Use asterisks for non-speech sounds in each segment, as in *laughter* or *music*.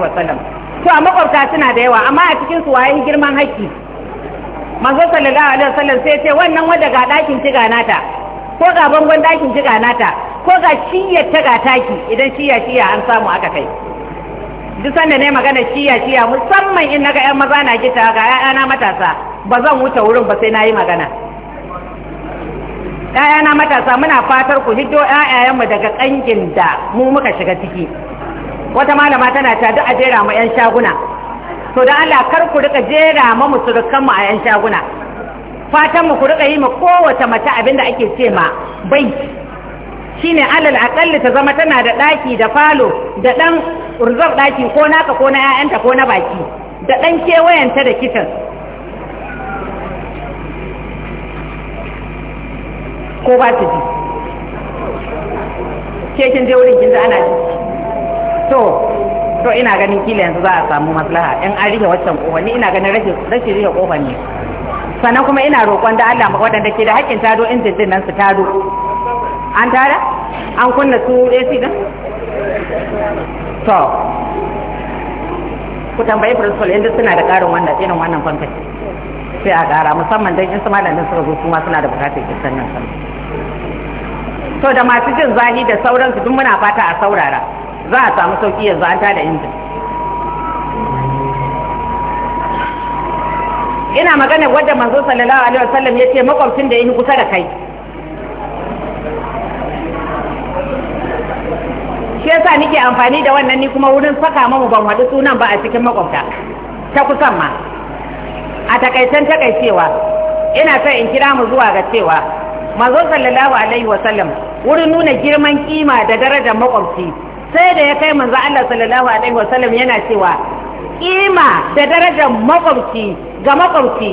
wasallam to a makwabta suna da yawa amma a cikin su waye girman haƙƙi manzo sallallahu alaihi wasallam sai ce wannan wanda ga dakin kiga nata ko ga bangon dakin kiga nata ko ga shiyar ta ga taki idan shiya shiya an samu aka kai duk sanda ne magana shiya shiya musamman in naga ƴan maza na kita ga ƴaƴana matasa ba zan wuce wurin ba sai nayi magana ƴaƴana matasa muna fatar ku hiddo ƴaƴayenmu daga kangin da mu muka shiga ciki wata malama tana ta duk a jera mu 'yan shaguna to da Allah kar ku rika jera mu musurukan mu a 'yan shaguna fatan mu ku rika yi ma kowace mace abinda ake ce ma bai shine alal akalli ta zama tana da daki da falo da dan rizab daki ko naka ko na 'ya'yanta ko na baki da dan kewayenta da kitan ko ba ta ji ke kin je wurin kin ana ji to to ina ganin kila yanzu za a samu maslaha in an rike waccan kofa ni ina ganin rashin rashin rike kofa ne sannan kuma ina roƙon da Allah waɗanda ke da haƙƙin tado injin din nan su tado an tada an kunna su AC din to ku tambayi principal inda suna da ƙarin wannan irin wannan fankaci sai a ƙara musamman dan in su malamin suka zo kuma suna da bukatar kisan nan to da masu jin zani da sauransu duk muna fata a saurara za a samu sauƙi yanzu an tada injin ina magana wadda manzo sallallahu alaihi wasallam ya ce makwabcin da yi kusa da kai shi yasa nike amfani da wannan ni kuma wurin saka mamu ban haɗu sunan ba a cikin makwabta ta kusan ma a takaicen takaicewa ina son in kira mu zuwa ga cewa manzo sallallahu alaihi wasallam wurin nuna girman kima da darajar makwabci sai da ya kai manzo Allah sallallahu alaihi wasallam yana cewa kima da darajar makwabci ga makwabci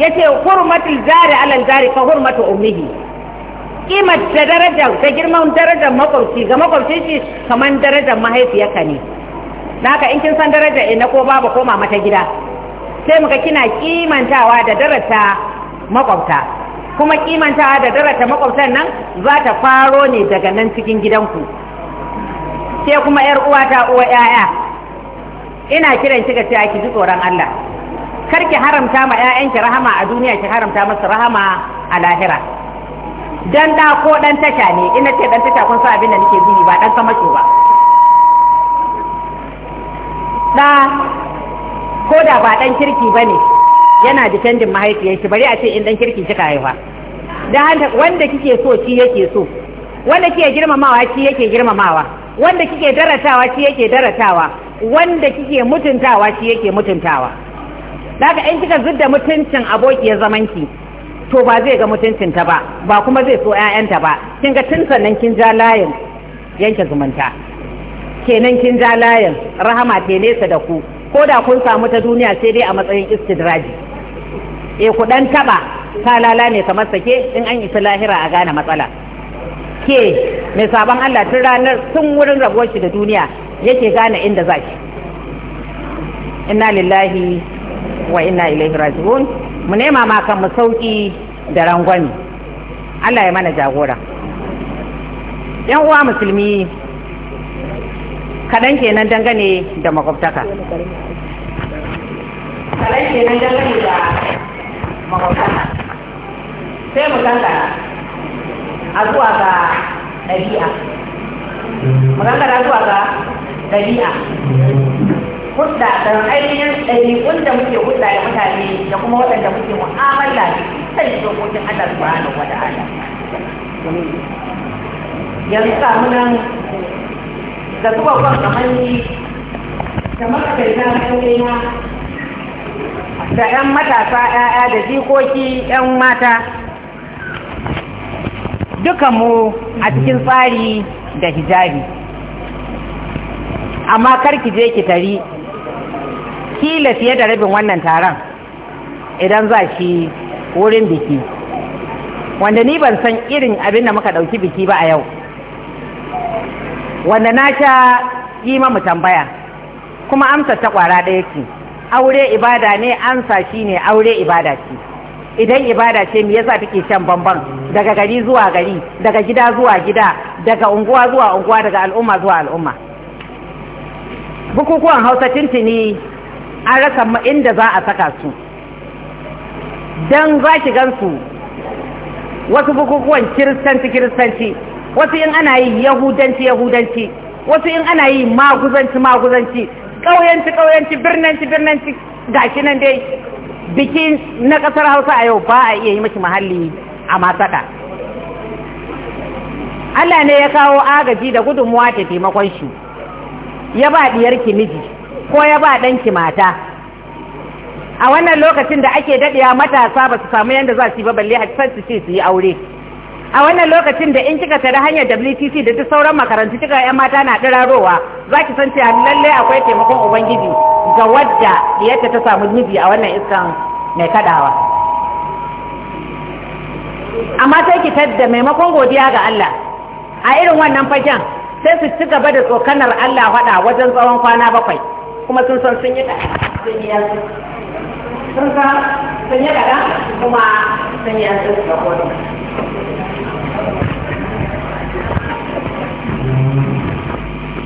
yace hurmatul jari alal jari fa hurmatu ummihi Kima da darajar da girman darajar makwabci ga makwabci shi kamar darajar mahaifiyarka ne naka in kin san darajar ina ko babu koma mata gida sai muka kina kimantawa da darata makwabta kuma kimantawa da darata makwabtan nan za ta faro ne daga nan cikin gidanku ke kuma yar uwa ta uwa yaya ina kiran ki ga cewa ki ji tsoron Allah kar ki haramta ma ƴaƴanki rahama a duniya ki haramta masa rahama a lahira dan da ko dan tasha ne ina ce dan tasha kun san abin da nake gini ba dan sama ba da ko da ba dan kirki bane yana dependin mahaifiyar shi bari a ce in dan kirki kika haifa dan wanda kike so shi yake so wanda kike girmamawa shi yake girmamawa wanda kike daratawa shi yake daratawa wanda kike mutuntawa shi yake mutuntawa daga in kika zidda mutuncin abokiyar zamanki to ba zai ga mutuncin ta ba ba kuma zai so ƴaƴanta ba kin ga tun sannan kin ja layin yanke zumunta kenan kin ja layin rahama te nesa da ku ko da kun samu ta duniya sai dai a matsayin istidraji eh ku dan taba talala ne kamar sake in an isa lahira a gane matsala ke mai sabon Allah tun ranar tun wurin rabuwar shi da duniya yake gane inda za shi inna lillahi wa inna ilaihi raji'un mu nema ma kan mu sauki da rangwani. Allah ya mana jagora yan uwa musulmi kaɗan kenan dangane da makwabtaka kaɗan kenan dangane da makwabtaka sai mu kankara azuwa ga ɗabi'a maganar azuwa ga ɗabi'a hudda da ainihin ɗabi'un da muke hudda da mutane da kuma waɗanda muke mu'amala da kan dokokin Allah subhanahu wa ta'ala yanzu samu nan da zuwa kwan kamar ni kamar da ta na da 'yan matasa 'ya'ya da jikoki 'yan mata dukanmu a cikin tsari da hijabi amma kar ki je ki tari kila fiye da rabin wannan taron idan za shi wurin biki wanda ni ban san irin abin da muka ɗauki biki ba a yau wanda na sha yi mamu tambaya kuma amsa ta kwara ɗaya ce aure ibada ne amsa shi ne aure ibada ce idan ibada ce me yasa take shan bamban daga gari zuwa gari daga gida zuwa gida daga unguwa zuwa unguwa daga al'umma zuwa al'umma bukukuwan hausa tintini an rasa inda za a saka su don za ki gansu wasu bukukuwan kiristanci kiristanci wasu in ana yi yahudanci yahudanci wasu in ana yi maguzanci maguzanci ƙauyanci ƙauyanci birnanci birnanci gashi nan dai biki na kasar hausa a yau ba a iya yi mashi mahalli a masaka Allah ne ya kawo agaji da gudunmuwa ta taimakon shi ya ba ɗiyarki miji ko ya ba ɗanki mata a wannan lokacin da ake daɗewa matasa ba su samu yadda za su yi ba balle a su ce su yi aure a wannan lokacin da in kika tare hanyar WTC da ta sauran makarantu kika yan mata na dirarowa za ki san cewa lalle akwai taimakon ubangiji ga wadda yadda ta samu miji a wannan iskan mai kadawa amma sai ki tadda maimakon godiya ga Allah a irin wannan fagen sai su ci gaba da tsokanar Allah faɗa wajen tsawon kwana bakwai kuma sun san sun yi da sun san sun yi da kuma sun yi da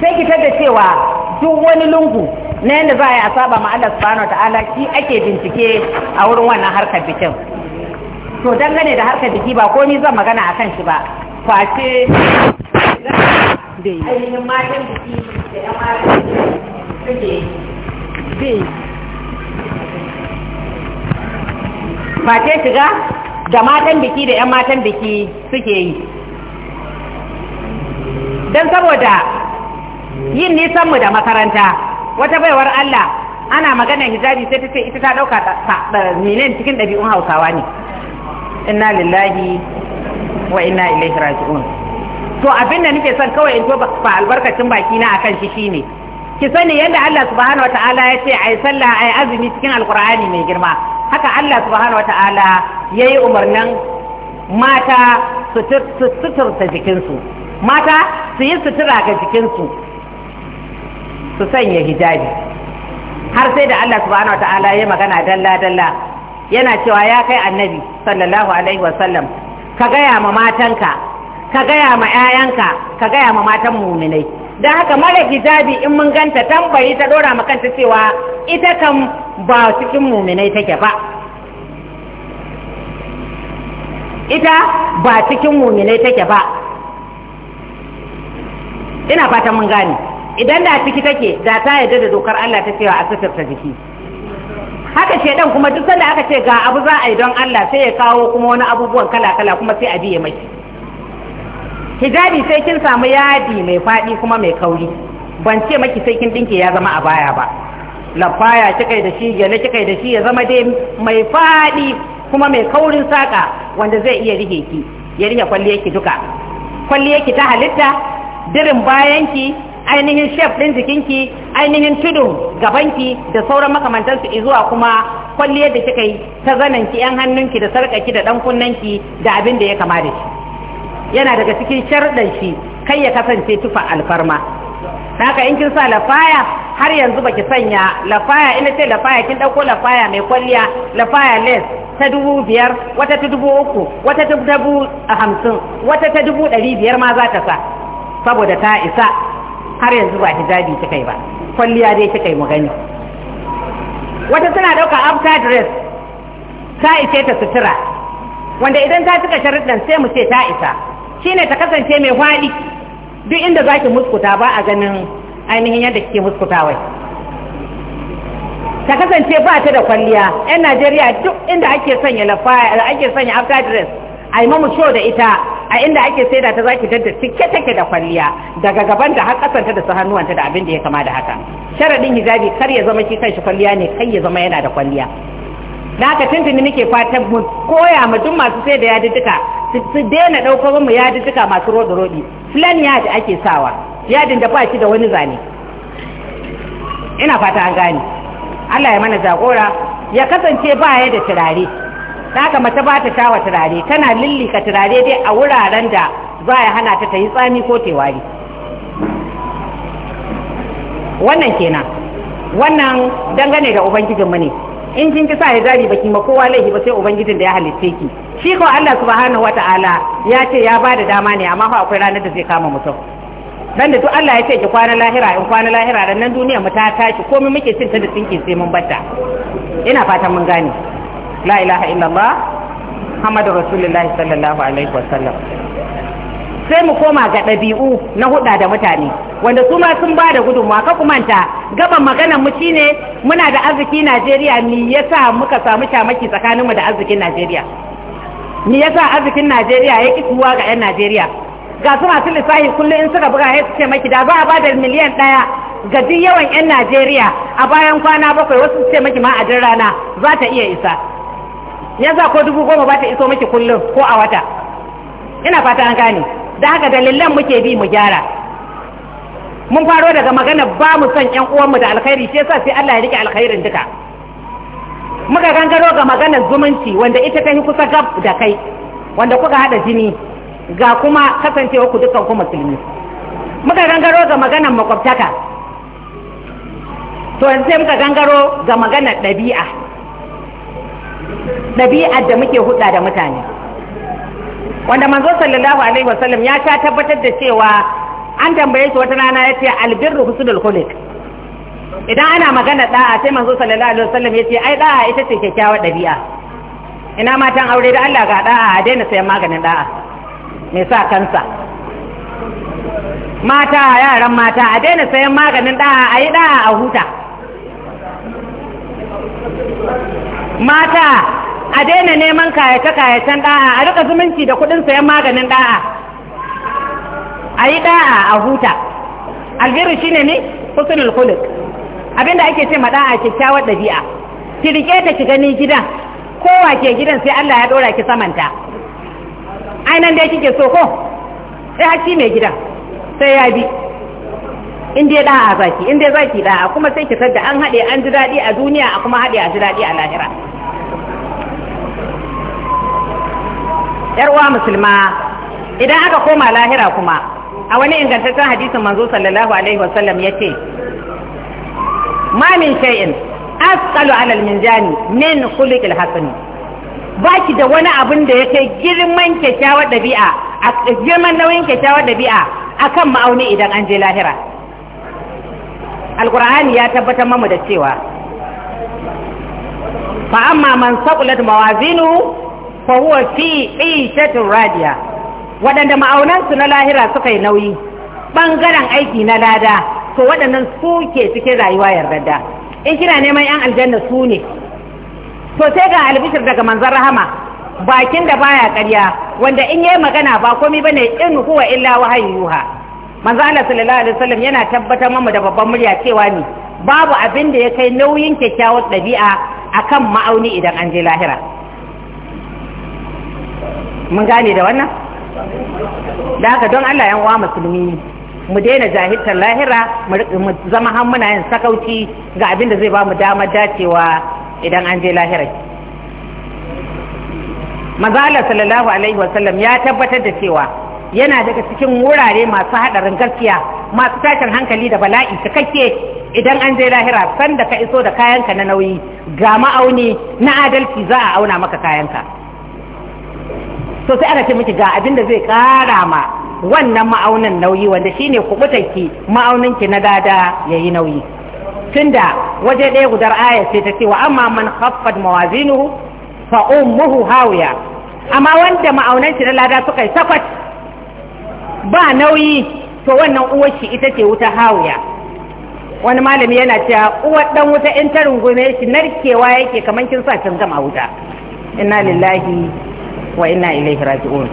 sai ki da cewa duk wani lungu na yadda za a yi a saba ma Allah subhanahu wa ta'ala shi ake bincike a wurin wannan harkar bikin to dangane da harkar biki ba ko ni zan magana akan shi ba face ainihin matan biki da yan matan suke face shiga da matan biki da yan matan biki suke yi don saboda yin nisan mu da makaranta wata baiwar Allah ana magana hijabi sai ta ce ita ta dauka minen cikin ɗabi'un hausawa ne inna lillahi wa inna ilaihi raji'un to abin da nake son kawai in to ba albarkacin baki na akan shi shine ki sani yadda Allah subhanahu wataala ya ce ai sallah ai azumi cikin alqur'ani mai girma haka Allah subhanahu wataala yayi umarnin mata su jikinsu mata su yi sutura ga jikinsu su sanya hijabi har sai da Allah subhanahu ta'ala ya magana dalla dalla yana cewa ya kai annabi sallallahu alaihi wa sallam ka gaya ma matanka ka gaya ma 'ya'yanka ka gaya ma matan muminai dan haka mara hijabi in mun ganta tambayi ta dora ta cewa ita kan ba cikin muminai take ba ita ba cikin muminai take ba ina fatan mun gane idan da ciki take da ta yarda da dokar Allah ta cewa a ta jiki haka dan kuma duk sanda aka ce ga abu za a yi don Allah sai ya kawo kuma wani abubuwan kala-kala kuma sai a biye mai hijabi sai kin samu yadi mai faɗi kuma mai kauri ban ce maki sai kin dinke ya zama a baya ba lafaya kikai da shi gele kikai da shi ya zama dai mai faɗi kuma mai kaurin saka wanda zai iya rike ki ya rike ki duka Kwalliyar ki ta halitta dirin bayanki ainihin shef ɗin jikinki ainihin tudun gabanki da sauran makamantansu zuwa kuma kwalliyar da kika yi ta zananki yan hannunki da sarƙaki da ɗan kunnanki da abin da ya kama da shi yana daga cikin sharɗan shi kai ya kasance tufa alfarma haka in kin sa lafaya har yanzu baki sanya lafaya ina ce lafaya kin ɗauko lafaya mai kwalliya lafaya les ta dubu biyar wata ta dubu uku wata ta dubu hamsin wata ta dubu ɗari biyar ma za ta sa saboda ta isa har yanzu ba hijabi ta kai ba kwalliya dai ta kai mu gani wata tana ɗauka after dress ta ishe ta sutura wanda idan ta cika sharuɗan sai mu ce ta isa shine ta kasance mai faɗi duk inda zaki muskuta ba a ganin ainihin yadda kike muskuta wai ta kasance ba ta da kwalliya yan najeriya duk inda ake sanya lafaya ake sanya after dress a yi mamu show da ita a inda ake saida ta zaki dadda cike take da kwalliya daga gaban da har kasanta da su hannuwanta da abin da ya kama da haka sharadin hijabi kar ya zama shi kanshi kwalliya ne kai ya zama yana da kwalliya Na ka tuntuni nake fatan mu koya mu duk masu sai da yadiddika su daina ɗaukar mu yadiddika masu rodi rodi filan da ake sawa yadin da ba shi da wani zane ina fata an gane Allah ya mana jagora ya kasance ba ya da turare haka mace ba ta shawa turare tana lillika turare dai a wuraren da za ya hana ta ta yi tsami ko tewari wannan kenan wannan dangane da ubangijinmu ne in kin kisa ya hijabi baki ma kowa laifi ba sai ubangijin da ya halitte ki shi ko Allah subhanahu wataala ya ce ya bada dama ne amma fa akwai ranar da zai kama mutum dan da duk Allah ya ce ki kwana lahira in kwana lahira dan nan duniya mu ta tashi komai muke cin ta da tsinke sai mun batta ina fatan mun gane la ilaha illallah Muhammadu Rasulullahi sallallahu alaihi wasallam sai mu koma ga ɗabi'u na huɗa da mutane wanda su ma sun ba da gudunmawa ka kumanta gaban maganar mu shine muna da arziki Najeriya ni yasa muka samu shamaki tsakaninmu da arzikin Najeriya ni yasa arzikin Najeriya ya ki tuwa ga 'yan Najeriya ga su masu lissafi kullum in suka buga su ce maki da ba a ba da miliyan ɗaya ga duk yawan 'yan Najeriya a bayan kwana bakwai wasu su ce maki ma a rana za ta iya isa za ko dubu goma ba ta iso miki kullum ko a wata ina fata an gane da haka dalilan muke bi mu gyara mun faro daga magana ba mu son ƴan uwanmu da alkhairi shi yasa sai Allah ya rike alkhairin duka muka gangaro ga maganar zumunci wanda ita ta yi kusa gab da kai wanda kuka hada jini ga kuma kasancewa ku dukan ku musulmi muka gangaro ga maganar makwabtaka to yanzu sai muka gangaro ga maganar ɗabi'a ɗabi'ar da muke hudda da mutane wanda manzo sallallahu alaihi wasallam ya ta tabbatar da cewa an tambaye shi wata rana ya ce albirru husnul khuluq idan ana magana da'a sai manzo sallallahu alaihi wasallam ce, ai da'a ita ce kyakkyawar ɗabi'a ina matan aure da Allah ga da'a a daina sayan maganin da'a me sa kansa mata yaran mata a daina sayan maganin da'a a yi da'a a huta mata a daina neman kayace-kayacen ɗa'a a rika zumunci da kuɗin sayan maganin ɗa'a a yi ɗa'a a huta albiru shi ne husnul khuluq abinda ake ce ma ɗa'a kyakkyawar ɗabi'a ki rike ta ki gani gidan kowa ke gidan sai Allah ya ɗora ki samanta ainan dai kike so ko sai hakki mai gidan sai ya bi in dai da'a zaki in dai zaki da'a kuma sai ki sadda an haɗe an ji daɗi a duniya a kuma haɗe a ji daɗi a lahira yarwa musulma idan aka koma lahira kuma a wani ingantaccen hadisin manzo sallallahu alaihi wa sallam yace ma min shay'in asqalu ala al-minjani min khuluqil hasani baki da wani abin da yake girman kyakkyawar dabi'a a girman nauyin kyakkyawar dabi'a akan ma'auni idan an je lahira alkur'ani ya tabbatar mamu da cewa fa amma man saqulat mawazinu fa huwa fi 'ishatin radiya waɗanda ma'aunansu na lahira suka yi nauyi bangaren aiki na lada to waɗannan su ke cikin rayuwa yardadda in kina neman 'yan aljanna su ne to sai ga albishir daga manzan rahama bakin da baya karya wanda in yayi magana ba komai bane in huwa illa wahayi manzo Allah sallallahu alaihi wasallam yana tabbatar mamu da babban murya cewa ne babu abin da ya kai nauyin kyakkyawar ɗabi'a akan ma'auni idan an je lahira mun gane da wannan da haka don Allah yan uwa musulmi mu daina jahiltar lahira mu zama har muna yin sakauci ga abin da zai ba mu damar dacewa idan an je lahira manzo Allah sallallahu alaihi wasallam ya tabbatar da cewa yana daga cikin wurare masu haɗarin gaskiya masu tashin hankali da bala'i cikakke idan an je lahira sanda ka iso da kayanka na nauyi ga ma'auni na adalci za a auna maka kayanka Sosai sai aka ce miki ga abin da zai ƙara ma wannan ma'aunin nauyi wanda shine kubutanki ma'auninki na gada yi nauyi tunda waje ɗaya gudar aya sai ta ce wa amma man khaffat mawazinuhu fa ummuhu hawiya amma wanda ma'aunan na lada suka yi takwas ba nauyi to wannan uwar shi ita ce wuta hawuya. wani malami yana cewa uwar dan wuta in ta rungume shi narkewa yake kaman kin sa kin gama wuta inna lillahi wa inna ilaihi raji'un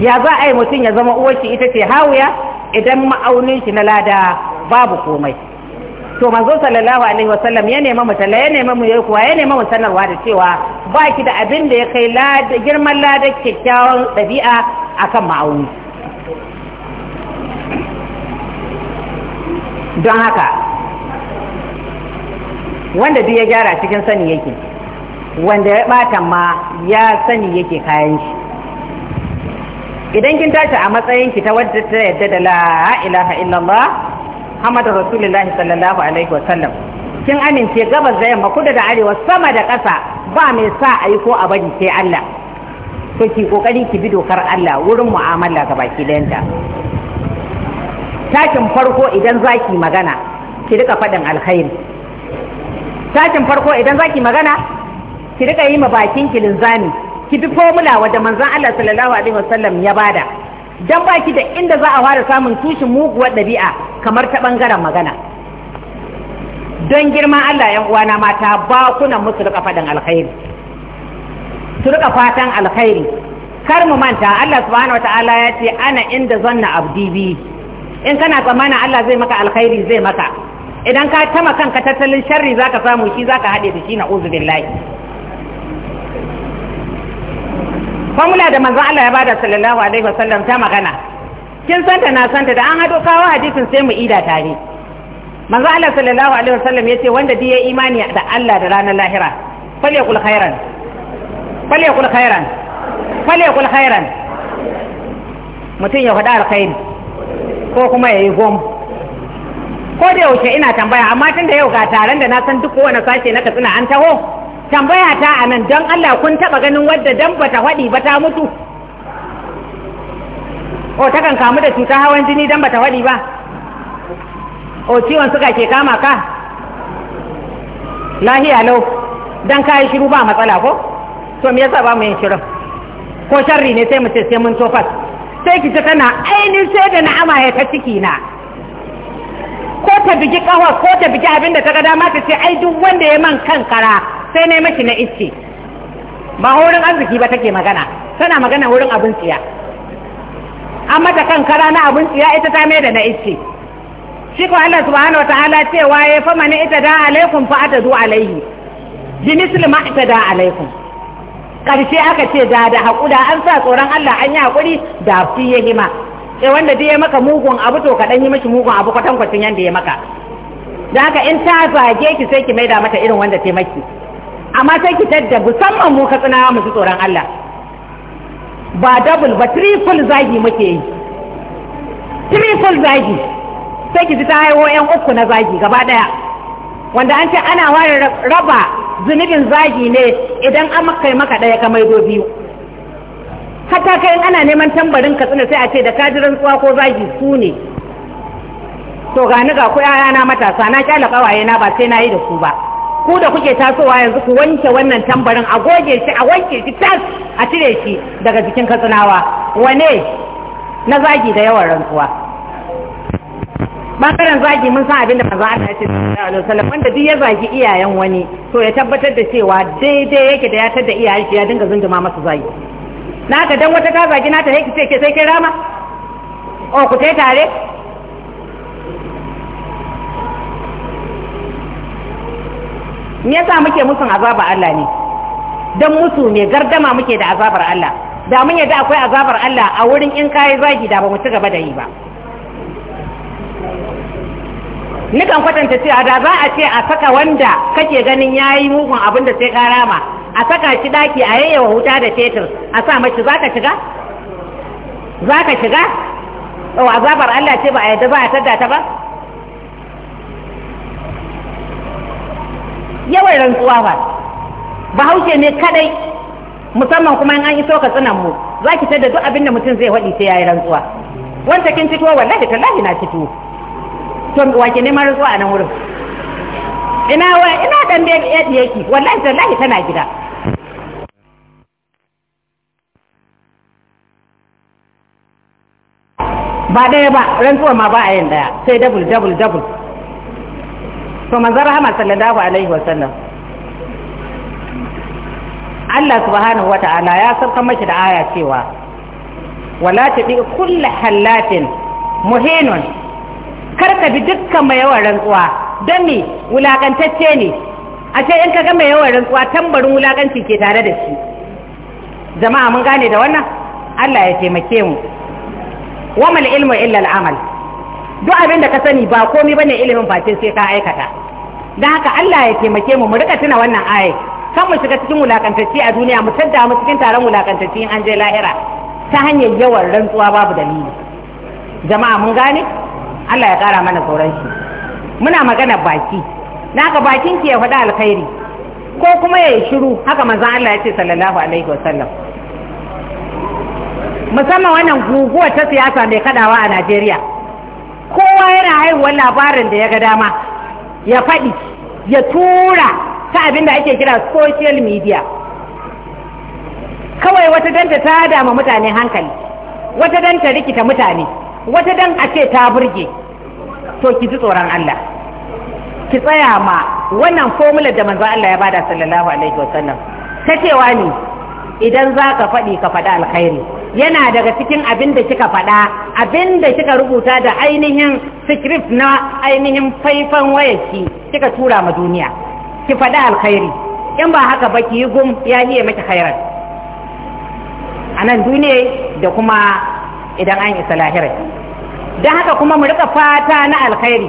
ya za a yi mutum ya zama uwar shi ita ce hawuya? idan ma'aunin shi na lada babu komai to manzo sallallahu alaihi wa sallam, ya nema mu talla ya nema mu yayi kuwa ya nema mu sanarwa da cewa ba ki da abin da ya kai girman lada kyakkyawan dabi'a akan ma'auni don haka wanda duk ya gyara cikin sani yake wanda ya bata ma ya sani yake kayan shi idan kin tashi a matsayin ki ta wadda ta yadda da la ilaha illallah Muhammadu Rasulullahi sallallahu alaihi wasallam kin amince gabas da yamma da arewa sama da ƙasa ba mai sa a yi ko a bari sai Allah to ki kokari ki bi dokar Allah wurin mu'amala ga baki dayanta tashin farko idan zaki magana ki rika faɗin alkhairi tashin farko idan zaki magana ki rika yi ma bakin ki linzami ki bi formula wadda manzon Allah sallallahu alaihi wasallam ya bada dan baki da inda za a fara samun tushen muguwar ɗabi'a kamar ta bangaren magana don girman Allah yan uwana mata ba kuna musu rika faɗin alkhairi su rika fatan alkhairi kar mu manta Allah subhanahu wataala ya ce ana inda zanna abdi bi in kana tsammanin Allah zai maka alkhairi zai maka idan ka tama kanka tattalin sharri zaka samu shi zaka hade da shi na uzubillahi formula da manzon Allah ya bada sallallahu alaihi wasallam ta magana kin san ta na san ta da an hado kawo hadisin sai mu ida tare manzon Allah sallallahu alaihi wasallam yace wanda duk imani da Allah da ranar lahira falyakul khairan falyakul khairan falyakul khairan mutum ya faɗa alkhairi ko kuma ya yi gom ko da yaushe ina tambaya amma tun da yau ga taron da na san duk kowane sashe na katsina an taho tambaya ta a nan don Allah kun taba ganin wadda dan bata faɗi ba ta mutu o ta kan kamu da cutar hawan jini dan bata faɗi ba o ciwon suka ke kama ka lahiya lau dan kayi shiru ba matsala ko to me yasa ba mu yin shirin ko sharri ne sai mu ce sai mun tofas sai ki ji tana ainihin sai da na'ama ya ta ciki na ko ta bigi kawa ko ta bigi abin da ta gada dama ta ce ai duk wanda ya man kankara sai na mashi na ice ba wurin arziki ba take magana tana magana wurin abin tsiya an mata kankara na abin tsiya ita ta mai da na ice shi ko Allah subhanahu wataala cewa ya fama mani ita da alaikum fa atadu alaihi bi alaikum ƙarshe aka ce da da haƙuda an sa tsoron Allah an yi haƙuri da fi ya hima sai wanda dai ya maka mugun abu to ka yi mishi mugun abu kwatan kwatan yanda ya maka da haka in ta zage ki sai ki maida mata irin wanda ta maki amma sai ki tadda musamman mu ka tsinawa mu tsoron Allah ba double ba triple zagi muke yi triple zagi sai ki ji ta haihuwa yan uku na zagi gaba daya wanda an ce ana ware raba zunubin zagi ne idan an maka maka ɗaya ka maido biyu hatta kai ana neman tambarin ka tsina sai a ce da ka ji tsuwa ko zagi su ne to ga ni ga ku na matasa na kyala kawaye na ba sai na yi da ku ba ku da kuke tasowa yanzu ku wanke wannan tambarin a goge shi a wanke shi tas a cire shi daga jikin katsinawa wane na zagi da yawan rantsuwa bangaren zagi mun san abin da manzo Allah ya ce sallallahu alaihi wasallam wanda duk ya zagi iyayen wani to ya tabbatar da cewa daidai yake da ya tada iyayen shi ya dinga zunduma masa zagi Na ka dan wata ta zagi ta yake sai ke sai ke rama o ku tai tare me yasa muke musun azaba Allah ne dan musu ne gardama muke da azabar Allah da mun yadda akwai azabar Allah a wurin in kai zagi da ba mu ci gaba da yi ba nikan kwatanta cewa da za a ce a saka wanda kake ganin yayi mugun abin da sai karama, a saka shi daki a yayyawa wuta da fetur a sa mashi zaka shiga zaka shiga to azabar Allah ce ba a yadda za a tadda ta ba yawan rantsuwa ba bahaushe ne kadai musamman kuma in an iso ka tsinan mu zaki tadda duk abin da mutum zai wadi sai yayi rantsuwa wanda kin fito wallahi tallahi na fito to wace neman rantsuwa a nan wurin ina wa ina dan da yadi yake wallahi wallahi tana gida ba daya ba rantsuwa ma ba a yin daya sai double double double to manzar rahama sallallahu alaihi wasallam Allah subhanahu ta'ala ya sarka maki da aya cewa wala tabi kullu halatin muhinun kar ka bi dukkan mai yawan rantsuwa don me wulakantacce ne a ce in ka ga mai yawan rantsuwa tambarin wulakanci ke tare da shi jama'a mun gane da wannan Allah ya taimake mu wa mal ilmu illa al amal duk abin da ka sani ba komai bane ilimin bakin sai ka aikata dan haka Allah ya taimake mu mu rika tuna wannan aya kan mu shiga cikin wulakantacce a duniya mu tadda mu cikin taron wulakantacce in an je lahira ta hanyar yawan rantsuwa babu dalili jama'a mun gane Allah ya kara mana sauran shi muna magana baki naka bakin ki ya faɗa alkhairi ko kuma ya shiru haka manzon Allah ya ce sallallahu alaihi wasallam musamman wannan guguwa ta siyasa mai kadawa a Najeriya kowa yana haihuwar labarin da ya ga dama ya faɗi ya tura ta abin da ake kira social media kawai wata danta ta dama mutane hankali wata danta rikita mutane wata dan a ce ta burge to ki ji tsoron Allah ki tsaya ma wannan formula da manzo Allah ya bada sallallahu alaihi wasallam ta cewa ne idan za ka faɗi ka faɗi alkhairi yana daga cikin abin da kika faɗa abin da kika rubuta da ainihin script na ainihin faifan wayarki kika tura ma duniya ki faɗi alkhairi in ba haka ba ki yi gum ya yi miki khairar a nan duniya da kuma idan an isa lahirar don haka kuma mu rika fata na alkhairi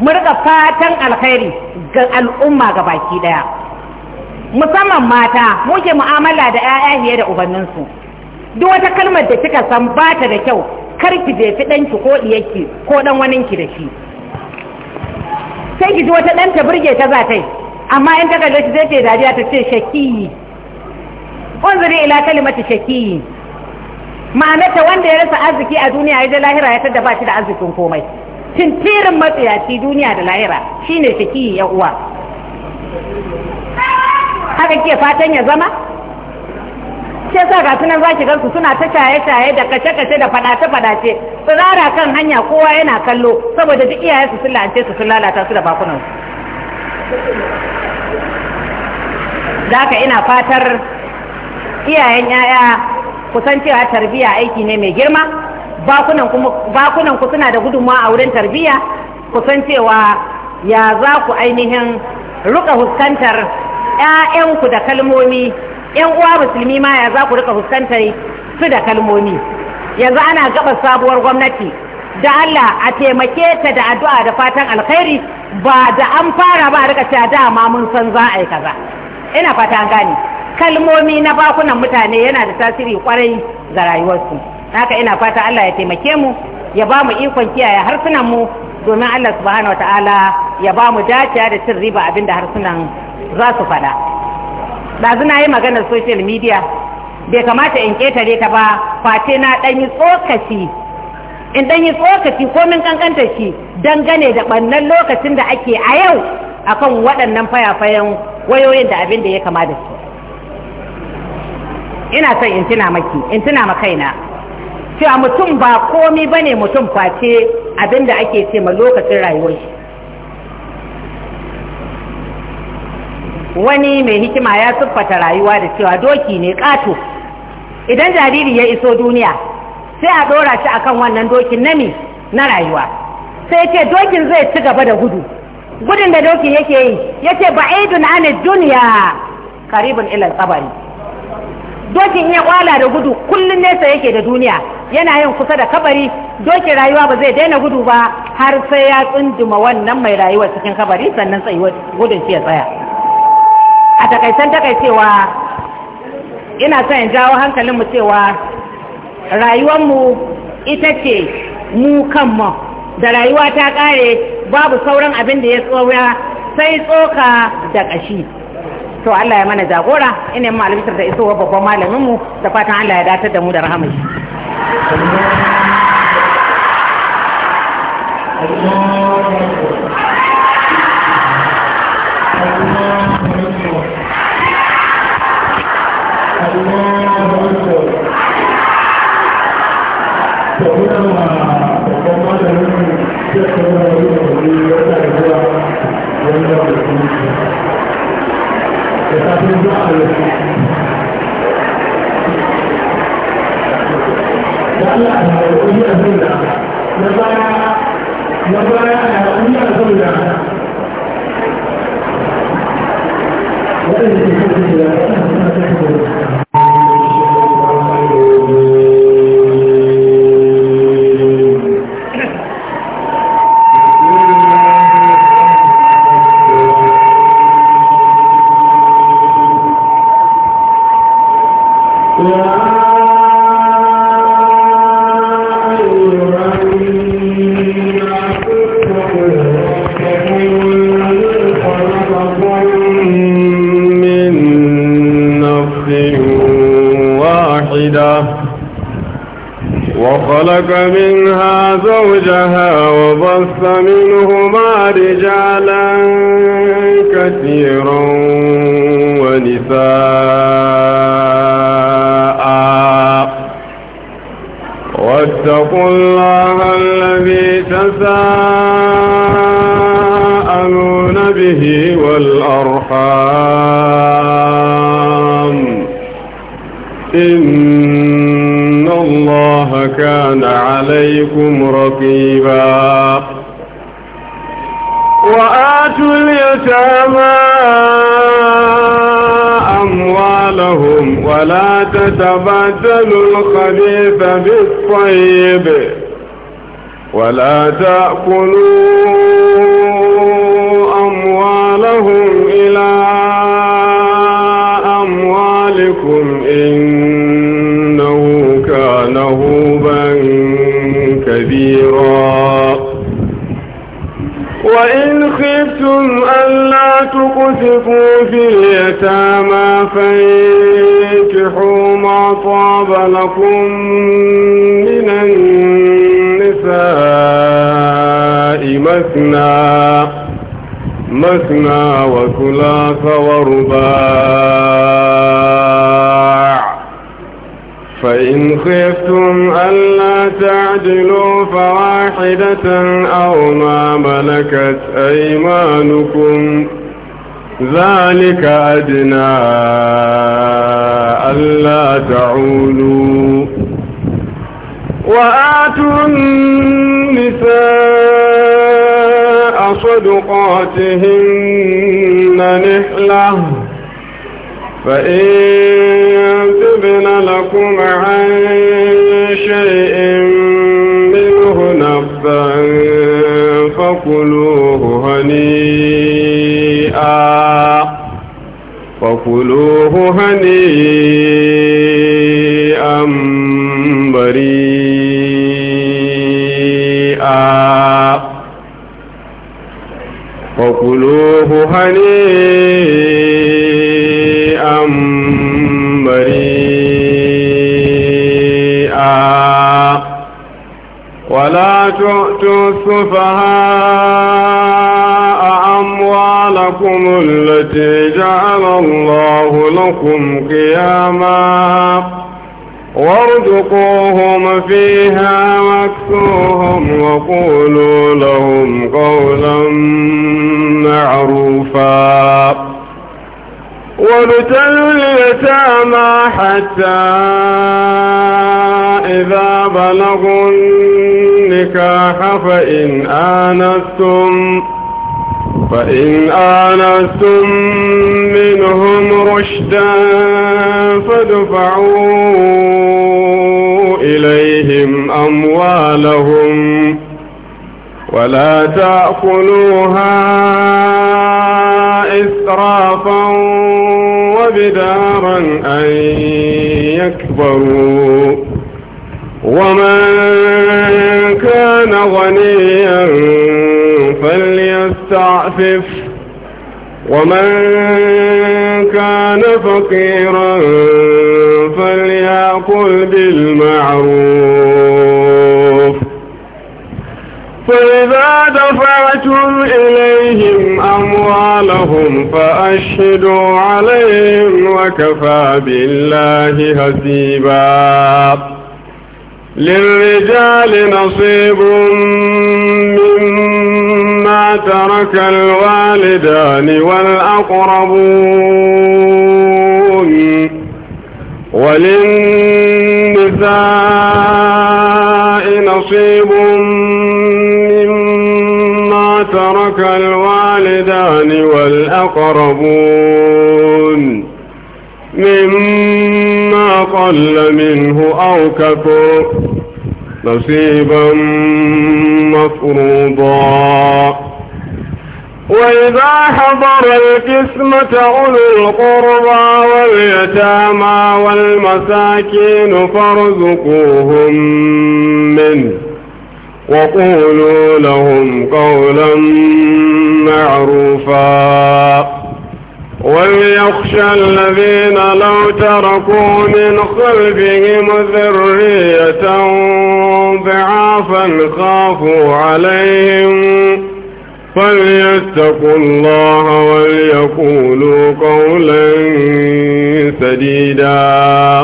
mu rika fatan alkhairi ga al'umma ga baki ɗaya. musamman mata muke mu'amala da 'ya'ya fiye da ubanninsu duk wata kalmar da kika san ba ta da kyau kar ki fi ɗanki ko ɗiyarki ko ɗan waninki da shi sai ki ji wata ɗan ta burge ta za ta amma in ta kalle shi zai ce dariya ta ce shakiyi unzuri ila kalimatu shakiyi ma'anarta wanda ya rasa arziki a duniya ya je lahira ya tada ba shi da arzikin komai tintirin matsiyaci duniya da lahira shine shiki ya uwa haka ke fatan ya zama ke sa ga sunan zaki gansu suna ta shaye-shaye da kace-kace da fadace-fadace tsirara kan hanya kowa yana kallo saboda duk iyaye su sun lance su sun lalata su da bakunan da ka ina fatar iyayen 'ya'ya Kusancewa cewa tarbiya aiki ne mai girma bakunan ku suna da gudunmawa a wurin tarbiya Kusancewa cewa ya za ku ainihin ruka huskantar 'ya'yanku da kalmomi 'yan uwa musulmi ma ya za ku rika huskantar su da kalmomi yanzu ana gaba sabuwar gwamnati da Allah a taimake ta da addu'a da fatan alkhairi ba da an fara ba a rika cewa dama mun san za a yi kaza ina fata an gane kalmomi na bakunan mutane yana da tasiri kwarai ga rayuwarsu haka ina fata Allah ya taimake mu ya ba mu ikon kiyaye harsunan mu domin Allah subhanahu wataala ya ba mu dacewa da cin riba da harsunan za su faɗa ɗazu na yi maganar social media bai kamata in ƙetare ta ba face na ɗanyi tsokaci in ɗanyi tsokaci min ƙanƙanta shi dangane da ɓannan lokacin da ake a yau akan waɗannan fayafayan wayoyin da abin da ya kama da su ina son in tuna maki in tuna ma kaina cewa mutum ba komi bane mutum face abinda ake ce ma lokacin rayuwar shi wani mai hikima ya siffata rayuwa da cewa doki ne kato idan jariri ya iso duniya sai a ɗora shi akan wannan dokin nami na rayuwa sai ce dokin zai ci gaba da gudu gudun da dokin yake yi ya ce na ne duniya karibin ilal tsabari dokin iya kwala da gudu kullum nesa yake da duniya yana yin kusa da kabari dokin rayuwa ba zai daina gudu ba har sai ya tsunduma wannan mai rayuwa cikin kabari sannan sai gudun shi ya tsaya a takaitan takaitewa ina son in jawo hankalin mu cewa rayuwar mu ita ce mu kanmu da rayuwa ta kare babu sauran abin da ya tsoya, sai tsoka da ƙashi. to Allah ya mana jagora ina mu albitar da isowa babban malamin mu da fatan Allah ya datar da mu da rahamai في اليتامى فانكحوا ما طاب لكم من النساء مثنى مثنى وثلاث ورباع فإن خفتم ألا تعدلوا فواحدة أو ما ملكت أيمانكم ذلك أدنى ألا تعولوا وآتوا النساء صدقاتهن نحلة فإن تبن لكم عن شيء منه نفسا فكلوه هنيئا فكلوه هنيئا بريئا فكلوه هنيئا بريئا ولا تؤتوا السفهاء أموالكم التي جعل الله لكم قياما وارزقوهم فيها واكسوهم وقولوا لهم قولا معروفا وابتلوا اليتامى حتى إذا بلغوا النكاح فإن آنستم فإن آنستم منهم رشدا فادفعوا إليهم أموالهم ولا تأكلوها إسرافا وبدارا أن يكبروا ومن كان غنيا فليستعفف ومن كان فقيرا فليأكل بالمعروف فإذا دفعتم إليهم أموالهم فأشهدوا عليهم وكفى بالله هسيبا للرجال نصيب مما ترك الوالدان والأقربون وللنساء نصيب وترك الوالدان والأقربون مما قل منه أو كثر نصيبا مفروضا وإذا حضر القسمة أولو القربى واليتامى والمساكين فارزقوهم منه وقولوا لهم قولا معروفا وليخشى الذين لو تركوا من خلفهم ذرية ضعافا خافوا عليهم فليتقوا الله وليقولوا قولا سديدا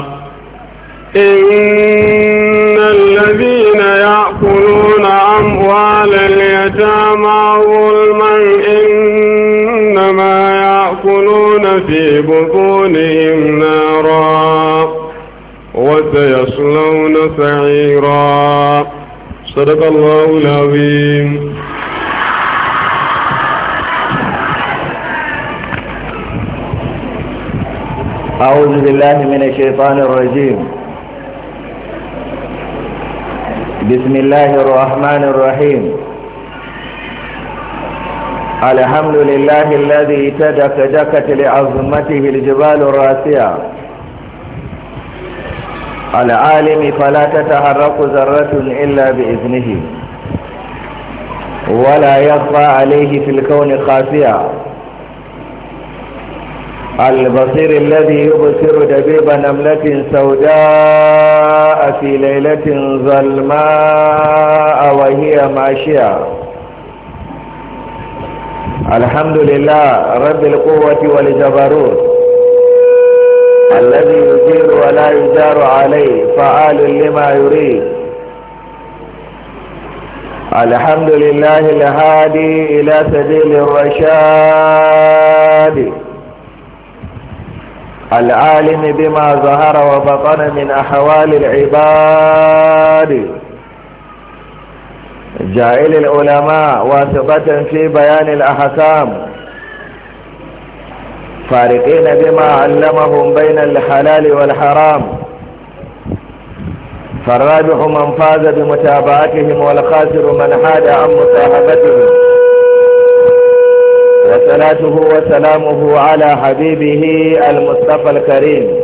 إن الذين اليتامى ظلما إنما يأكلون في بطونهم نارا وسيصلون سعيرا صدق الله العظيم أعوذ بالله من الشيطان الرجيم بسم الله الرحمن الرحيم الحمد لله الذي تدك دكت لعظمته الجبال الراسية العالم فلا تتحرك ذرة إلا بإذنه ولا يخفى عليه في الكون خافية البصير الذي يبصر دبيب نملة سوداء في ليلة ظلماء وهي ماشية الحمد لله رب القوة والجبروت الذي يجير ولا يجار عليه فعال لما يريد الحمد لله الهادي إلى سبيل الرشاد العالم بما ظهر وبطن من أحوال العباد جائل العلماء واثقة في بيان الأحكام فارقين بما علمهم بين الحلال والحرام فالراجح من فاز بمتابعتهم والخاسر من حاد عن مصاحبتهم وصلاته وسلامه على حبيبه المصطفى الكريم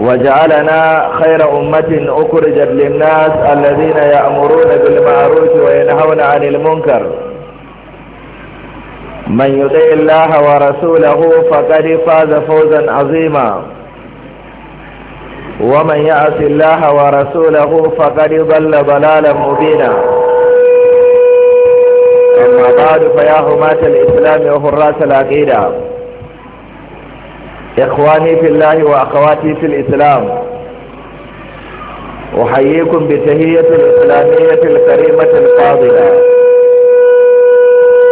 وجعلنا خير أمة أخرجت للناس الذين يأمرون بالمعروف وينهون عن المنكر من يطع الله ورسوله فقد فاز فوزا عظيما ومن يعص الله ورسوله فقد ضل ضلالا مبينا أما بعد فيا هماة الإسلام وحراس العقيدة إخواني في الله وأخواتي في الإسلام أحييكم بتهية الإسلامية الكريمة الفاضلة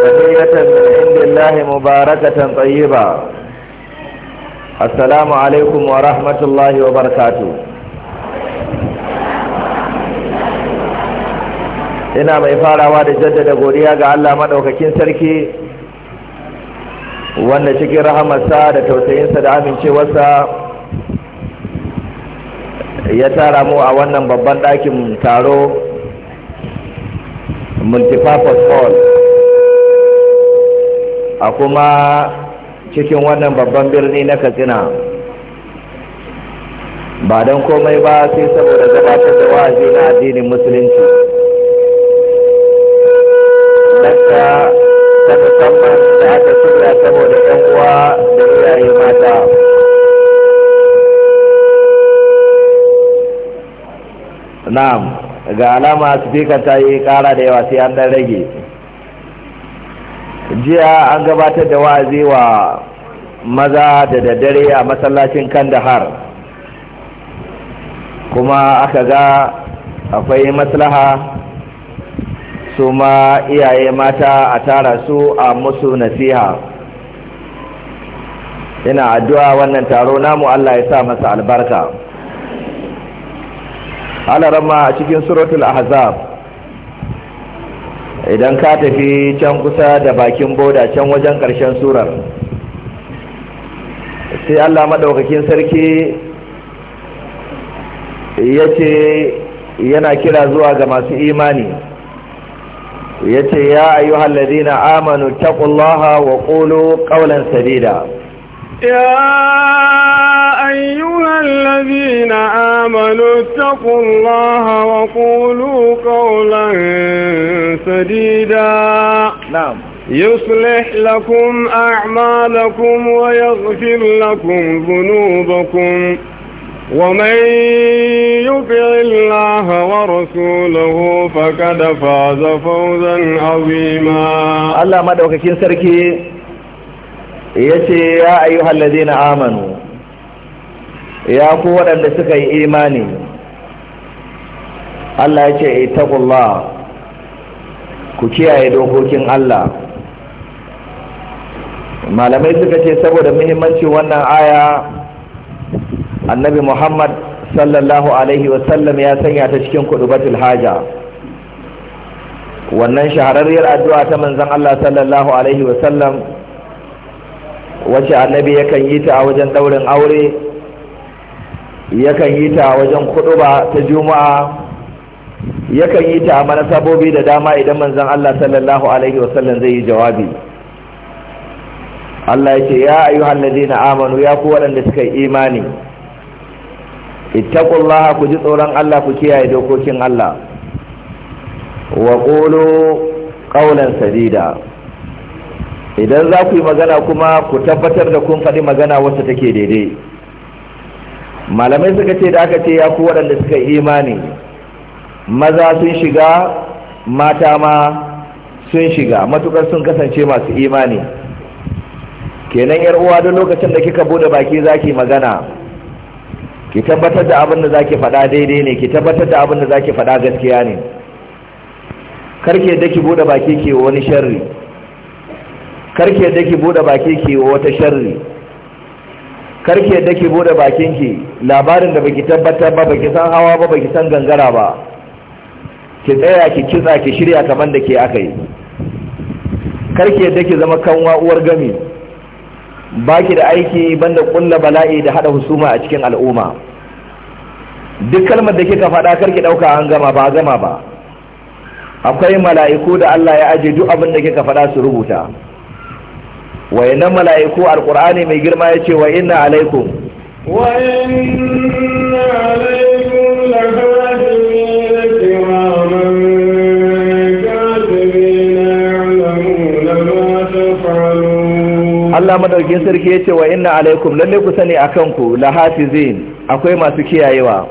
تهية من عند الله مباركة طيبة السلام عليكم ورحمة الله وبركاته ina mai farawa da jaddada godiya ga Allah madaukakin sarki wanda cikin rahamarsa da tausayinsa da amincewarsa ya tara mu a wannan babban ɗakin taro multipurpose hall a kuma cikin wannan babban birni na katsina ba don komai ba sai saboda gabatar da wa'azi na addinin musulunci daga ta musamman da aka tura saboda 'yan uwa da iyaye mata na'am ga alama spika ta yi kara da yawa sai an dan rage jiya an gabatar da wa'azi wa maza da daddare a masallacin kandahar kuma aka ga akwai maslaha su ma iyaye mata a tara su a musu nasiha ina addu'a wannan taro namu Allah ya sa masa albarka alarama a cikin suratul ahzab idan ka tafi can kusa da bakin boda can wajen ƙarshen surar sai Allah maɗaukakin sarki ya ce yana kira zuwa ga masu imani yace ya ayyuhal ladina amanu taqullaha wa qulu qawlan sadida ya ayyuhal ladina amanu taqullaha wa qulu qawlan sadida na'am يصلح لكم أعمالكم ويغفر لكم ذنوبكم ومن يطع الله ورسوله فقد فاز فوزا عظيما الله ما دوكاكين سركي yace ya ayyuhal ladina amanu ya ku waɗanda suka yi imani Allah ya ce ittaqullah ku kiyaye dokokin Allah malamai suka ce saboda muhimmancin wannan aya annabi muhammad sallallahu alaihi wasallam ya sanya ta cikin kudubatul haja wannan shahararriyar addu'a ta manzon Allah sallallahu alaihi wasallam wacce annabi yakan yi ta a wajen daurin aure yakan yi ta a wajen kuduba ta juma'a yakan yi ta a manasabobi da dama idan manzon Allah sallallahu alaihi wasallam zai yi jawabi Allah ya ce ya na amanu ya ku waɗanda suka imani ittaqullaha ku ji tsoron Allah ku kiyaye dokokin Allah wa qulu qawlan sadida idan za ku yi magana kuma ku tabbatar da kun faɗi magana wacce take daidai malamai suka ce da aka ce ya ku waɗanda suka imani maza sun shiga mata ma sun shiga matukar sun kasance masu imani kenan yar uwa duk lokacin da kika bude baki zaki magana ki tabbatar da abin da zaki faɗa daidai ne ki tabbatar da abin da zaki faɗa gaskiya ne karke da ki bude baki ke wani sharri karke da ki bude baki ke wata sharri karke da ki bude bakin ki labarin da baki tabbatar ba baki san hawa ba baki san gangara ba ki tsaya ki kitsa ki shirya kamar da ke aka yi karke da ki zama kanwa uwar gami baki da aiki banda kulla bala'i da hada husuma a cikin al'umma duk kalmar da kika faɗa kar ki ɗauka an gama ba gama ba akwai mala'iku da Allah ya aje duk abin da kika faɗa su rubuta wayannan mala'iku alqur'ani mai girma ya ce wa inna alaikum wa madaukin sarki yace wa inna alaikum lalle ku sani akan ku lahafizin akwai masu kiyayewa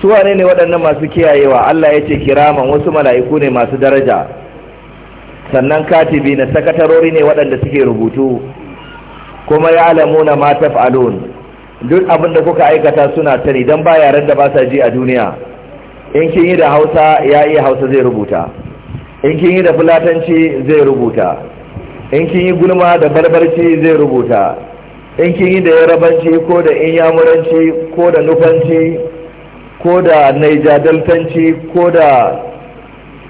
su wane ne waɗannan masu kiyayewa Allah ya ce kiraman wasu mala'iku ne masu daraja sannan katibi na sakatarori ne waɗanda suke rubutu kuma ya alamuna ma taf'alun duk abin da kuka aikata suna tani dan ba yaran da ba sa ji a duniya in kin yi da Hausa ya iya Hausa zai rubuta in kin yi da Fulatanci zai rubuta in kin yi gulma da barbarci zai rubuta in kin yi da yarabanci ko da inyamuranci ko da nufanci ko da naijadaltanci ko da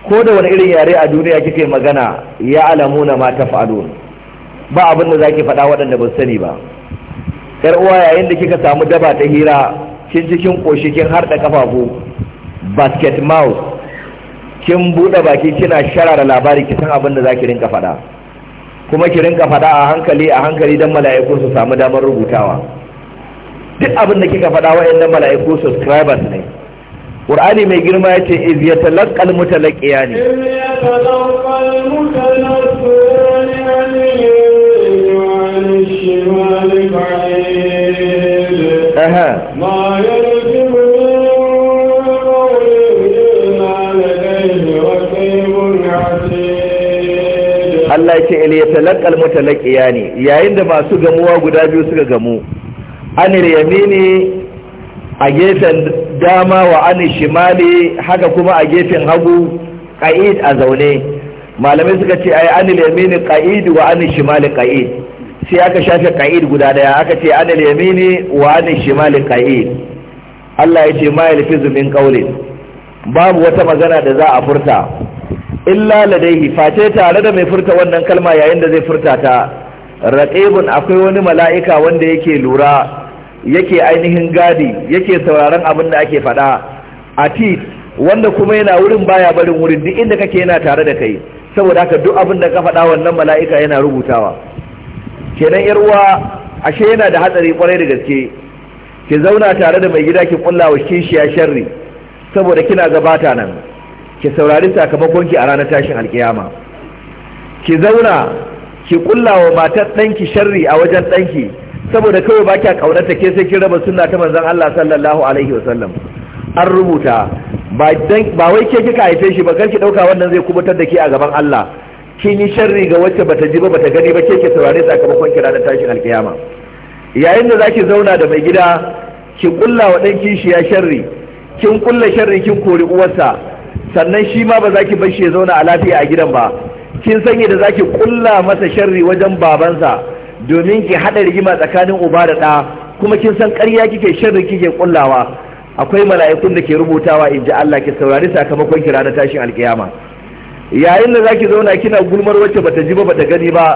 ko da wani irin yare a duniya kike magana ya alamu na ma taf'alun ba abin da zaki faɗa waɗanda ba sani ba yar uwa yayin da kika samu daba ta hira kin cikin koshi kin harda kafafu basket mouse kin buɗe baki kina sharara labari kisan abin da zaki rinka faɗa kuma ki rinka faɗa a hankali a hankali don mala'iku su samu damar rubutawa duk abin da kika faɗa wa'annan mala'iku subscribers ne Ƙur'ani mai girma ya ce iz ya talaqqal mutalaqiya ne Aha. Allah ya ce ya il yatalaqal ne yayin da masu gamuwa guda biyu suka gamu anil yamini a gefen dama wa anil shimali haka kuma a gefen hagu qa'id a zaune malamai suka ce ai anil yamini qa'id wa anil shimali qa'id sai aka shafe qa'id guda daya aka ce anil yamini wa anil shimali qa'id Allah ya ce ma yalfizu min qawlin babu wata magana da za a furta illa ladaihi face tare da mai furta wannan kalma yayin da zai furta ta raqibun akwai wani mala'ika wanda yake lura yake ainihin gadi yake sauraron abin da ake faɗa ati wanda kuma yana wurin baya barin wurin duk inda kake yana tare da kai saboda haka duk abin da ka faɗa wannan mala'ika yana rubutawa kenan yar uwa ashe yana da hatsari kwarai da gaske ki zauna tare da mai gida ki kulla wa kishiya sharri saboda kina gabata nan ki saurari sakamakon ki a ranar tashin alkiyama ki zauna ki kulla wa matar danki sharri a wajen danki saboda kawai ba kya kaunarta ke sai kin raba sunna ta manzon Allah sallallahu alaihi wasallam an rubuta ba wai ke kika haife shi ba karki dauka wannan zai kubutar da ke a gaban Allah kin yi sharri ga wacce bata ji ba bata gani ba ke ke saurare sakamakon kira tashin alkiyama yayin da zaki zauna da mai gida ki kulla wa dan kishiya sharri kin kulla sharri kin kori uwarsa sannan shi ma ba za ki bashi shi ya zauna a lafiya a gidan ba kin san yadda za ki kulla masa sharri wajen babansa domin ki haɗa rigima tsakanin uba da ɗa kuma kin san ƙarya kike sharri kike kullawa akwai mala'ikun da ke rubutawa in ji Allah ki saurari sakamakon kira na tashin alkiyama yayin da zaki zauna kina gulmar wacce bata ji ba bata gani ba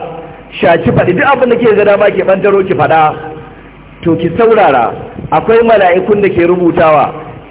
shaci faɗi duk abin da ke ga dama ke bantaro ki faɗa to ki saurara akwai mala'ikun da ke rubutawa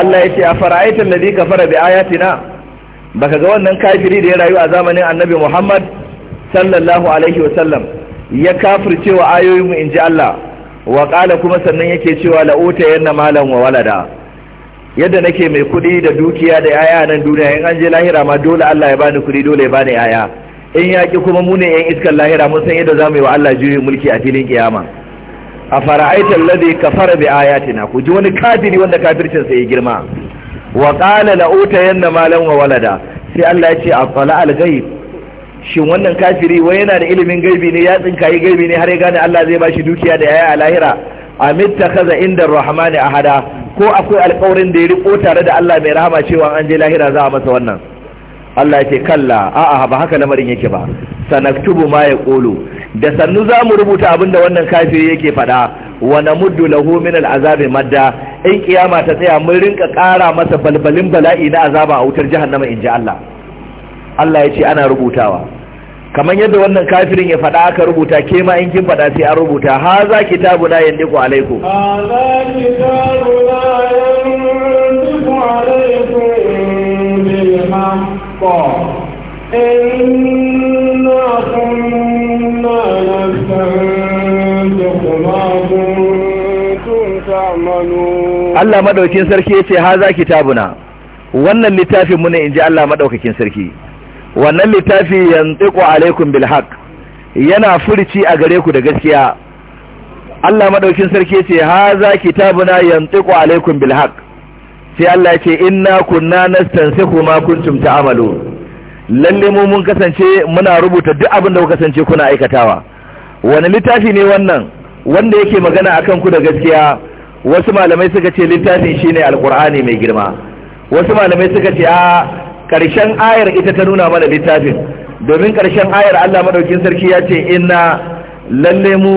Allah ya ce a fara'aitar da ka fara bi ayatina baka ga wannan kafiri da ya rayu a zamanin annabi Muhammad sallallahu alaihi wasallam ya kafirce wa ayoyinmu in ji Allah wa ƙala kuma sannan yake cewa la'uta yanna malam wa walada yadda nake mai kuɗi da dukiya da yaya nan duniya in an je lahira ma dole Allah ya bani kuɗi dole ya bani yaya in yaƙi kuma mu ne 'yan iskar lahira mun san yadda za mu yi wa Allah juyin mulki a filin kiyama a fara'aitar lade ka fara bi ayatina ku ji wani kafiri wanda kafircin sai ya girma wa qala la'uta yanna malan wa walada sai Allah ya ce a tsala al shi wannan kafiri wai yana da ilimin gaibi ne ya tsinkayi gaibi ne har ya gane Allah zai bashi dukiya da yaya a lahira mita kaza inda a hada. ko akwai alkawarin da ya riko tare da Allah mai rahama cewa an je lahira za a masa wannan Allah ya ce kalla a'a ba haka lamarin yake ba sanaktubu ma ya kolo. da sannu za mu rubuta abin da wannan kafiri yake faɗa wa na muddu lahu min al'azabi madda in kiyama ta tsaya mun rinka ƙara masa balbalin bala'i na azaba a wutar jahannama in ji Allah Allah ya ce ana rubutawa kamar yadda wannan kafirin ya faɗa aka rubuta ke ma in kin faɗa sai an rubuta ha za kitabu la yandiku alaikum alaikum Allah madaukakin sarki yace haza kitabuna wannan littafin mu ne inji Allah madaukakin sarki wannan littafi yantiqu alaikum bil haqq yana furci a gare ku da gaskiya Allah madaukakin sarki yace haza kitabuna yantiqu alaikum bil haqq sai Allah yace inna kunna nastansikhu ma kuntum ta'malu lalle mu mun kasance muna rubuta duk abin da kuka kasance kuna aikatawa wani littafi ne wannan wanda yake magana akan ku da gaskiya wasu malamai suka ce littafin shine alkur'ani mai girma wasu malamai suka ce a karshen ayar ita ta nuna mana littafin domin karshen ayar Allah madaukin sarki ya ce inna lalle mu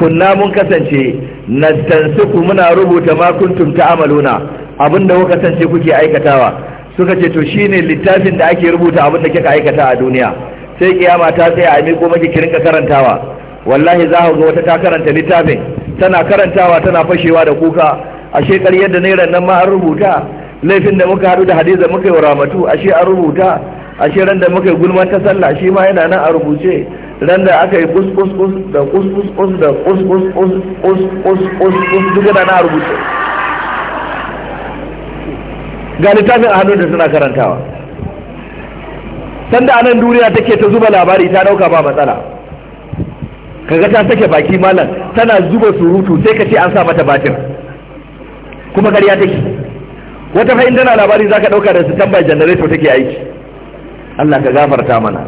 kunna mun kasance nastansiku muna rubuta ma kuntum ta'maluna abinda kuka kasance kuke aikatawa suka ce to shine littafin da ake rubuta abinda kika aikata a duniya sai kiyama ta tsaya a miko maki kirin ka karantawa wallahi za ku ga wata ta karanta littafin tana karantawa tana fashewa da kuka ashe ƙaryar da nairan nan ma an rubuta laifin da muka haɗu da hadiza muka yi ramatu ashe an rubuta ashe ran da muka yi gulman ta sallah shi ma yana nan a rubuce ran da aka yi kus-kus-kus da kus-kus-kus da kus-kus-kus duka da na a rubuce ga littafin a hannun da suna karantawa sanda anan duniya take ta zuba labari ta ɗauka ba matsala kaga ta sake baki malam tana zuba surutu sai ka ce an sa mata batir kuma ƙarya take wata fa'in tana labari zaka dauka da standby generator take aiki Allah ka gafarta mana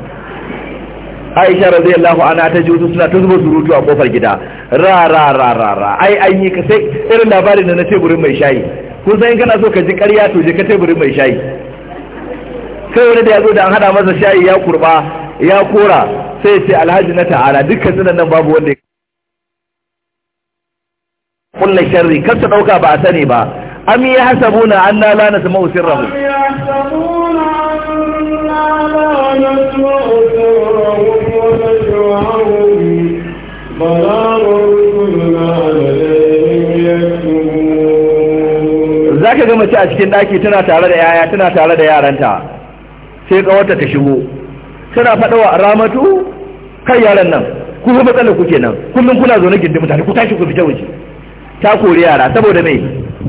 Aisha radiyallahu anha ta ji suna ta zuba surutu a kofar gida ra ra ra ra ra ai an yi sai irin labarin da na teburin mai shayi kun san in kana so ka ji ƙarya to je ka teburin mai shayi kai wani da ya zo da an hada masa shayi ya kurba ya kora sai ce alhaji na ta'ala dukkan sunan nan babu wanda ya kulla sharri kar su dauka ba a sani ba am ya hasabuna anna la nasma'u sirrahum zaka ga mace a cikin daki tana tare da yaya tana tare da yaranta sai kawarta ta shigo faɗa faɗawa ramatu kan yaran nan ku fi matsalar ku kenan kullum kuna zaune gindin mutane ku tashi ku fita waje ta kori yara saboda mai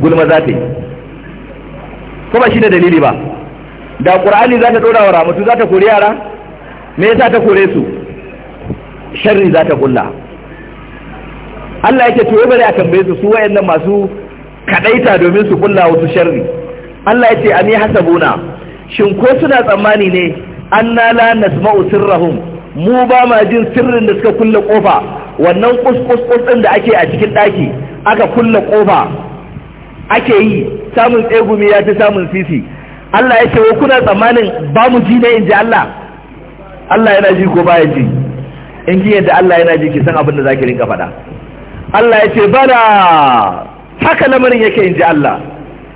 gulma za ta yi ko ba shi da dalili ba da ƙur'ani za ta ɗora wa ramatu za ta kori yara me yasa ta kore su sharri za ta kulla Allah yake to bari a tambaye su su wayannan masu kadaita domin su kulla wasu sharri Allah yake ani hasabuna shin ko suna tsammani ne anna la nasma'u sirrahum mu ba ma jin sirrin da suka kulle kofa wannan kuskus din da ake a cikin daki aka kulle kofa ake yi samun tsegumi ya ta samun sisi Allah ya ce wa kuna tsammanin ba mu ji ne in ji Allah Allah yana ji ko ya ji in ji yadda Allah yana ji ki san abin da zaki rinka faɗa Allah ya ce bala haka lamarin yake in ji Allah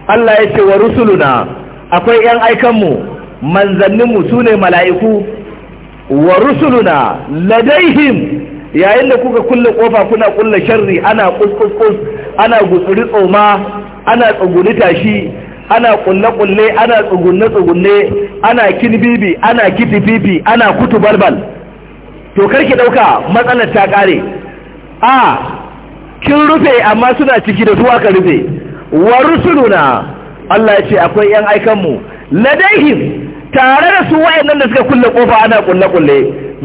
Allah ya ce wa rusuluna akwai yan aikanmu manzanninmu su ne mala'iku wa rusuluna ladaihim yayin da kuka kulle kofa kuna kulle sharri ana kuskuskus ana gutsuri tsoma ana tsuguni tashi ana kulle-kulle ana tsugunne-tsugunne ana kinibibi ana kitififi ana kutu balbal to karki dauka matsalar ta kare a kin rufe amma suna ciki da su ka rufe wa rusuluna Allah ya ce akwai yan aikanmu ladaihim tare da su wayannan da suka kulle kofa ana kulle kulle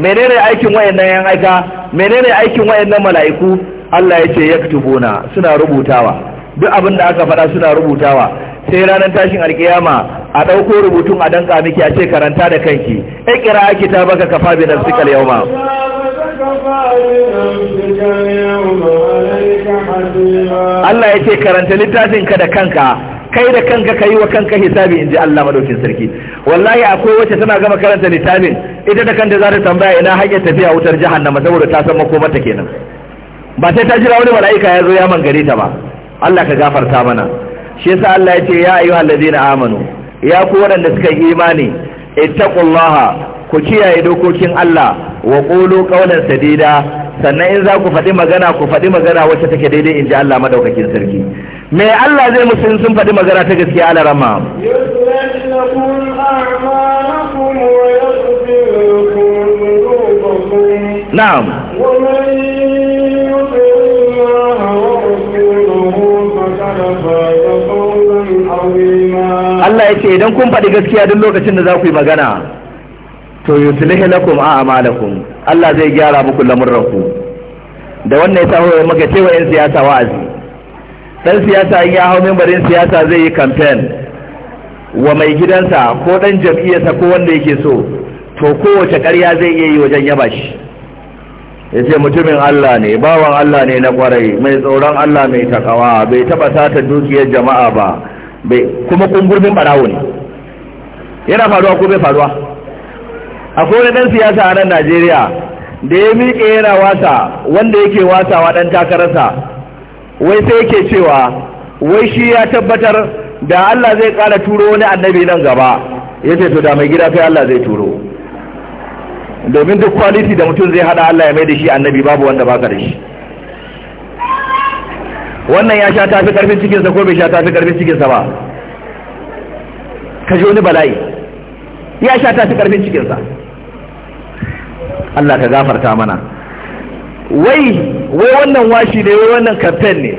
menene aikin wayannan yan aika menene aikin wayannan mala'iku Allah ya ce yaktubuna suna rubutawa duk abin da aka faɗa suna rubutawa sai ranar tashin alkiyama a ɗauko rubutun a danka miki a ce karanta da kanki ikira baka kafa bi nafsika al-yawma Allah ya ce karanta littafin ka da kanka kai da kanka kai wa kanka hisabi inji Allah madaukin sarki wallahi akwai wacce tana gama karanta littafin ita da kanta za ta tambaya ina hanyar tafiya wutar jahannama saboda ta san makoma ta kenan ba sai ta jira wani mala'ika ya zo ya mangare ta ba Allah ka gafarta mana shi yasa Allah ya ce ya ayyuhal ladina amanu ya ku waɗanda suka yi imani ittaqullaha ku kiyaye dokokin Allah wa qulu qawlan sadida sannan in za ku faɗi magana ku faɗi magana wacce take daidai inji Allah madaukakin sarki me Allah zai musu sun faɗi magana ta gaskiya ala rama na'am Allah ya ce idan kun faɗi gaskiya duk lokacin da za ku yi magana to yuslihi lakum a'malakum Allah zai gyara muku lamurranku da wannan ya sa muka ce wa 'yan siyasa wa'azi dan siyasa in ya hau membarin siyasa zai yi campaign wa mai gidansa ko dan jam'iyyarsa ko wanda yake so to kowace ƙarya zai iya yi wajen yaba shi ya ce mutumin Allah ne bawan Allah ne na kwarai mai tsoron Allah mai takawa bai taba sata dukiyar jama'a ba kuma gurbin barawo ne yana faruwa ko bai faruwa akwai dan siyasa a nan Najeriya da ya miƙe yana wasa wanda yake wasawa dan takararsa wai sai yake cewa wai shi ya tabbatar da Allah zai kara turo wani annabi nan gaba ya ce to da mai gida kai Allah zai turo domin duk kwaliti da mutum zai hada Allah ya mai da shi annabi babu wanda baka da shi wannan ya sha tafi karfin cikinsa ko bai sha tafi karfin cikinsa ba ka ji wani bala'i ya sha tafi karfin cikinsa Allah ka gafarta mana wai wai wannan washi ne wai wannan campaign ne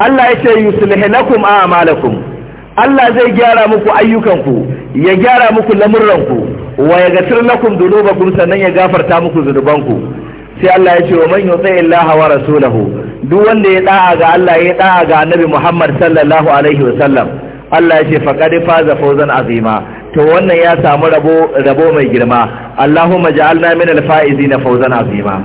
Allah ya ce yuslih lakum a'malakum Allah zai gyara muku ayyukanku ya gyara muku ku wa ya gasir lakum dunubakum sannan ya gafarta muku ku sai Allah ya ce wa man yuti illaha wa rasulahu duk wanda ya da'a ga Allah ya da'a ga Annabi Muhammad sallallahu alaihi wa sallam Allah ya ce faqad faza fawzan azima to wannan ya samu rabo rabo mai girma Allahumma ja'alna min al-faizina fawzan azima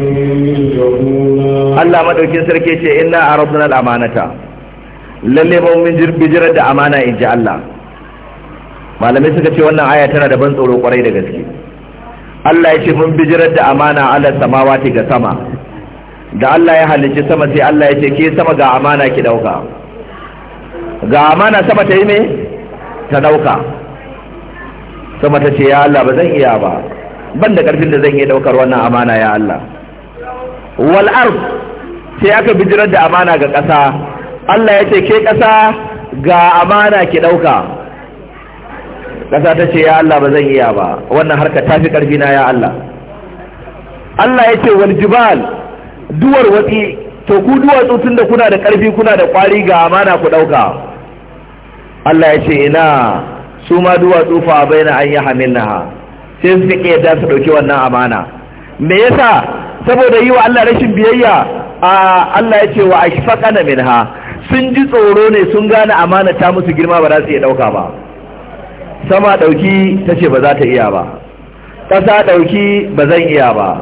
Allah madaukin sarki ce inna aradna al-amanata lalle mun min bijirar da amana in ji Allah malamai suka ce wannan aya tana da ban tsoro kwarai da gaske Allah ya ce mun bijira da amana ala samawati ga sama da Allah ya halicci sama sai Allah ya ce ke sama ga amana ki dauka ga amana sama ta yi me ta dauka sama ta ce ya Allah ba zan iya ba ban da karfin da zan iya daukar wannan amana ya Allah wal ard sai aka bijirar da amana ga ƙasa Allah ya ce ke ƙasa ga amana ki ɗauka ƙasa ta ce ya Allah ba zan iya ba wannan harka ta fi ƙarfi na ya Allah Allah ya ce wani jibal duwar watsi to ku duwar tun da kuna da ƙarfi kuna da ƙwari ga amana ku ɗauka Allah ya ce ina su ma duwar tsofa bai na an yi ha sai suka ƙi yadda su ɗauki wannan amana me yasa saboda yi wa Allah rashin biyayya A'a Allah ya ce wa a ashfaqana minha sun ji tsoro ne sun gane amana ta musu girma ba za su iya ɗauka ba sama ɗauki ta ce ba za ta iya ba ƙasa ɗauki ba zan iya ba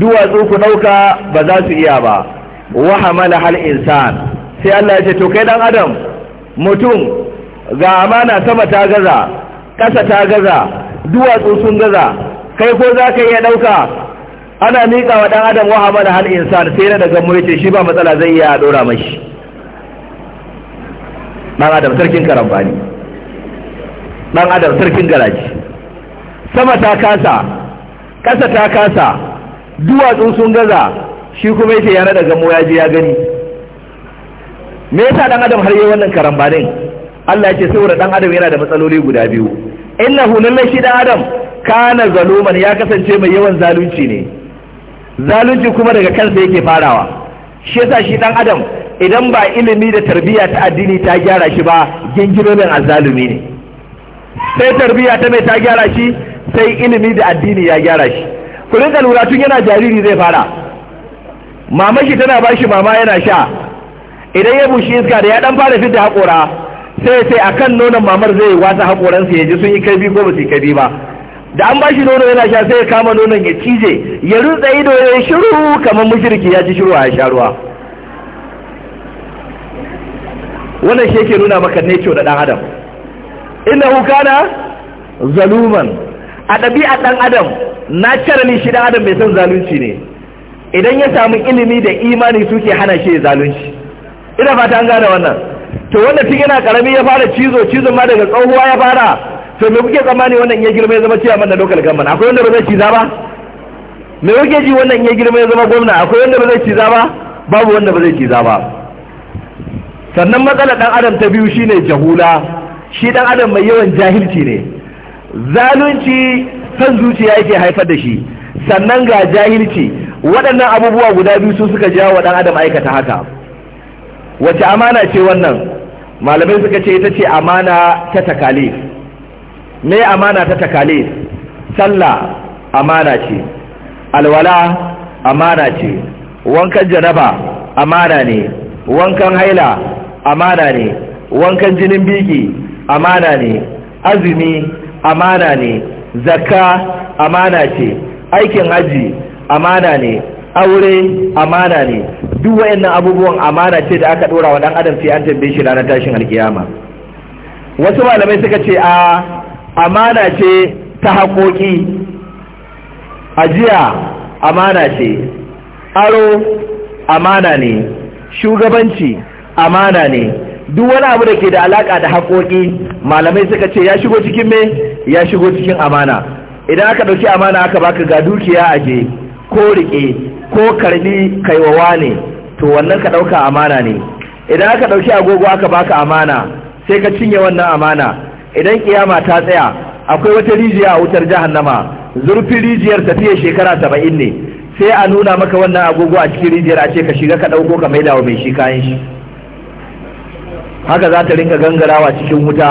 duwatsu ku ɗauka ba za su iya ba wa hamala hal insan sai Allah ya ce to kai dan adam mutum ga amana sama ta gaza ƙasa ta gaza duwatsu sun gaza kai ko za ka iya ɗauka? ana miƙa wa ɗan adam wa hamala hal insan sai na daga murce shi ba matsala zai iya ɗora mashi ɗan adam sarkin karambani ɗan adam sarkin garaji sama ta kasa ƙasa ta kasa duwatsun sun gaza shi kuma yake yana daga mu ya je ya gani me yasa ɗan adam har yi wannan karambanin Allah ya ce saboda ɗan adam yana da matsaloli guda biyu innahu lallai shi ɗan adam kana zaluman ya kasance mai yawan zalunci ne zalunci kuma daga kansa yake farawa shi yasa shi dan adam idan ba ilimi da tarbiyya ta addini ta gyara shi ba gingirolin azzalumi ne sai tarbiyya ta mai ta gyara shi sai ilimi da addini ya gyara shi ku rinka lura tun yana jariri zai fara mama shi tana ba shi mama yana sha idan ya bushe iska da ya dan fara fitar haƙora sai sai akan nonon mamar zai wasa hakoransa ya ji sun yi bi ko ba su yi bi ba da an ba shi nono yana sha sai ya kama nonon ya cije ya rutsa ido ya shiru kamar mushriki ya ci shiru a sha ruwa wannan shi yake nuna maka neco da dan adam innahu kana zaluman a ɗabi'a ɗan adam ni shi dan adam mai san zalunci ne idan ya samu ilimi da imani suke hana shi zalunci ina fata an gane wannan to wanda tun yana karami ya fara cizo cizon ma daga tsohuwa ya fara to me kuke tsammani wannan ya girma ya zama ciyaman na local government akwai wanda ba zai ciza ba me kuke ji wannan ya girma ya zama gwamna akwai wanda ba zai ciza ba babu wanda ba zai ciza ba sannan matsalar dan adam ta biyu shine jahula shi dan adam mai yawan jahilci ne zalunci san zuciya yake haifar da shi sannan ga jahilci waɗannan abubuwa guda biyu su suka jawo wa dan adam aikata haka wace amana ce wannan malamai suka ce ita ce amana ta takalif me amana ta takale sallah amana ce alwala amana ce wankan janaba amana ne wankan haila amana ne wankan jinin biki amana ne azumi amana ne zakka amana ce aikin haji amana ne aure amana ne duk wayannan abubuwan amana ce da aka dora wa dan adam sai an tambaye shi ranar tashin alkiyama wasu malamai suka ce a amana ce ta haƙoƙi ajiya amana ce aro amana ne shugabanci amana ne duk wani abu da ke da alaƙa da haƙoƙi malamai suka ce ya shigo cikin me ya shigo cikin amana idan aka ɗauki amana aka baka ga dukiya aje ko riƙe ko karbi kaiwawa ne to wannan ka ɗauka amana ne idan aka ɗauki agogo aka baka amana sai ka cinye wannan amana idan kiyama ta tsaya akwai wata rijiya a wutar jahannama zurfin rijiyar tafiya shekara saba'in ne sai a nuna maka wannan agogo a cikin rijiyar a ce ka shiga ka ɗauko ka maida wa mai shi kayan shi haka za ta rinka gangarawa cikin wuta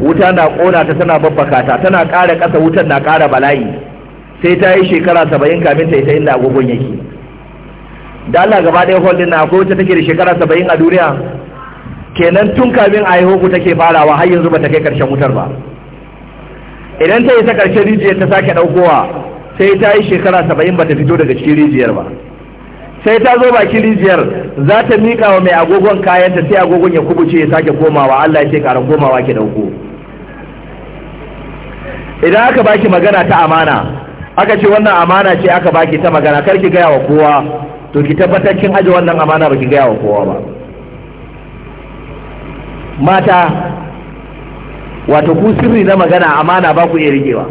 wuta na ƙona ta tana babbaka ta tana ƙara ƙasa wutan na ƙara bala'i sai ta yi shekara saba'in kamin ta ita inda agogon yake da Allah gaba ɗaya holdin na akwai wata take da shekara saba'in a duniya kenan tun kamin a yi take farawa har yanzu ba ta kai ƙarshen wutar ba idan ta yi ta karshen rijiyar ta sake ɗaukowa sai ta yi shekara saba'in ba ta fito daga cikin rijiyar ba sai ta zo bakin rijiyar za ta miƙa wa mai agogon kayan ta sai agogon ya kubuce ya sake komawa Allah ya ce karan komawa ki dauko idan aka baki magana ta amana aka ce wannan amana ce aka baki ta magana kar ki gaya wa kowa to ki tabbatar kin aje wannan amana ba ki gaya wa kowa ba mata wato ku sirri na magana amana ba ku iya rigewa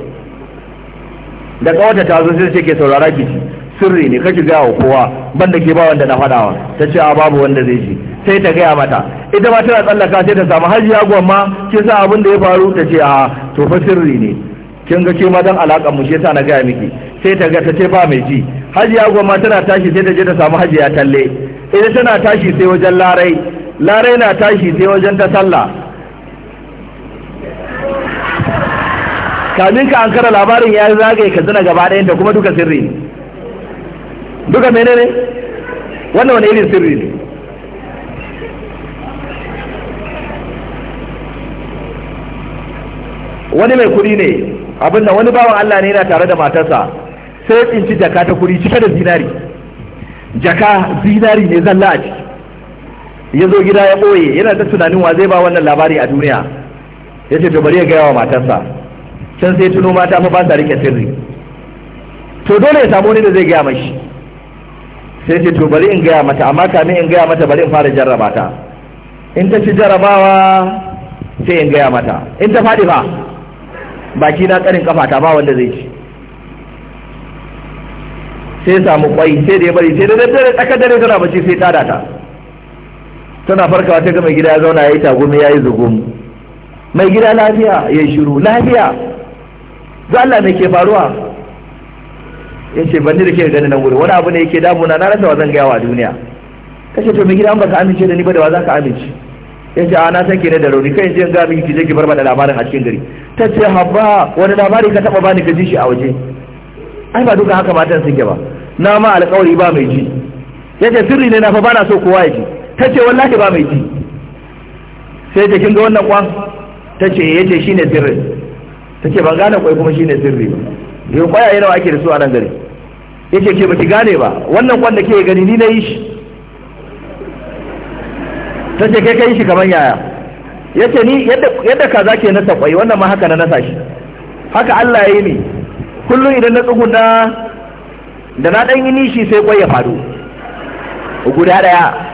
da kawata ta zo sai ke saurara ki ci sirri ne kake gaya wa kowa banda ke ba wanda na fadawa ta ce a babu wanda zai ji sai ta gaya mata ita ma tana tsallaka sai ta samu hajiya gwamma ke sa abin da ya faru ta ce a to fa sirri ne kin ga ke ma dan alaka mu shi yasa na gaya miki sai ta ga ta ce ba mai ji hajiya gwamma tana tashi sai ta je ta samu hajiya talle ita tana tashi sai wajen larai Lare na tashi sai wajen ta sallah kamin ka an kara labarin ya zagaye ka zina gaba ɗayan da kuma duka sirri duka menene wannan wani irin sirri ne wani mai kuɗi ne abin da wani bawan Allah ne yana tare da matarsa sai ya tsinci jaka ta kuɗi cika da zinari jaka zinari ne zalla a ciki ya zo gida ya ɓoye yana ta tunanin wa zai ba wannan labari a duniya ya ce to bari ya gaya wa matarsa can sai tuno mata fa ba sa rike sirri to dole ya samu wani da zai gaya mashi sai ce to bari in gaya mata amma kame in gaya mata bari in fara jarraba ta in ta ci jarrabawa sai in gaya mata in ta faɗi ba baki na ƙarin kafa ta ba wanda zai ci sai samu kwai sai da ya bari sai da daddare tsakar dare tana bacci sai ta ta tana farkawa ta ga mai gida ya zauna ya yi tagumi ya yi zugum mai gida lafiya ya shiru lafiya za Allah me ke faruwa ya ce ban da ke gani nan wuri wani abu ne yake damuna na rasa wa zan gaya wa duniya Ka ce to mai gida an baka amince da ni ba da wa za ka amince ya ce a na san ke da rauni kai je gami ki je ki bar da labarin a cikin gari ta ce habba wani labari ka taba bani ka ji shi a waje ai ba duka haka matan suke ba na ma alƙawari ba mai ji ya ce sirri ne na fa bana so kowa ya ji ta ce wallahi ba mai ji sai ta kinga wannan kwan ta ce ya ce shi ne sirri ta ce ban gane kwai kuma shi ne sirri ba yau kwaya yana ake da su a nan gari ya ce ke baki gane ba wannan kwan da ke gani ni na yi shi ta ce kai kai shi kamar yaya ya ce ni yadda kaza ke nasa kwai wannan ma haka na nasa shi haka Allah ya yi ni kullum idan na tsuguna da na ɗan yi nishi sai kwai ya faru guda ɗaya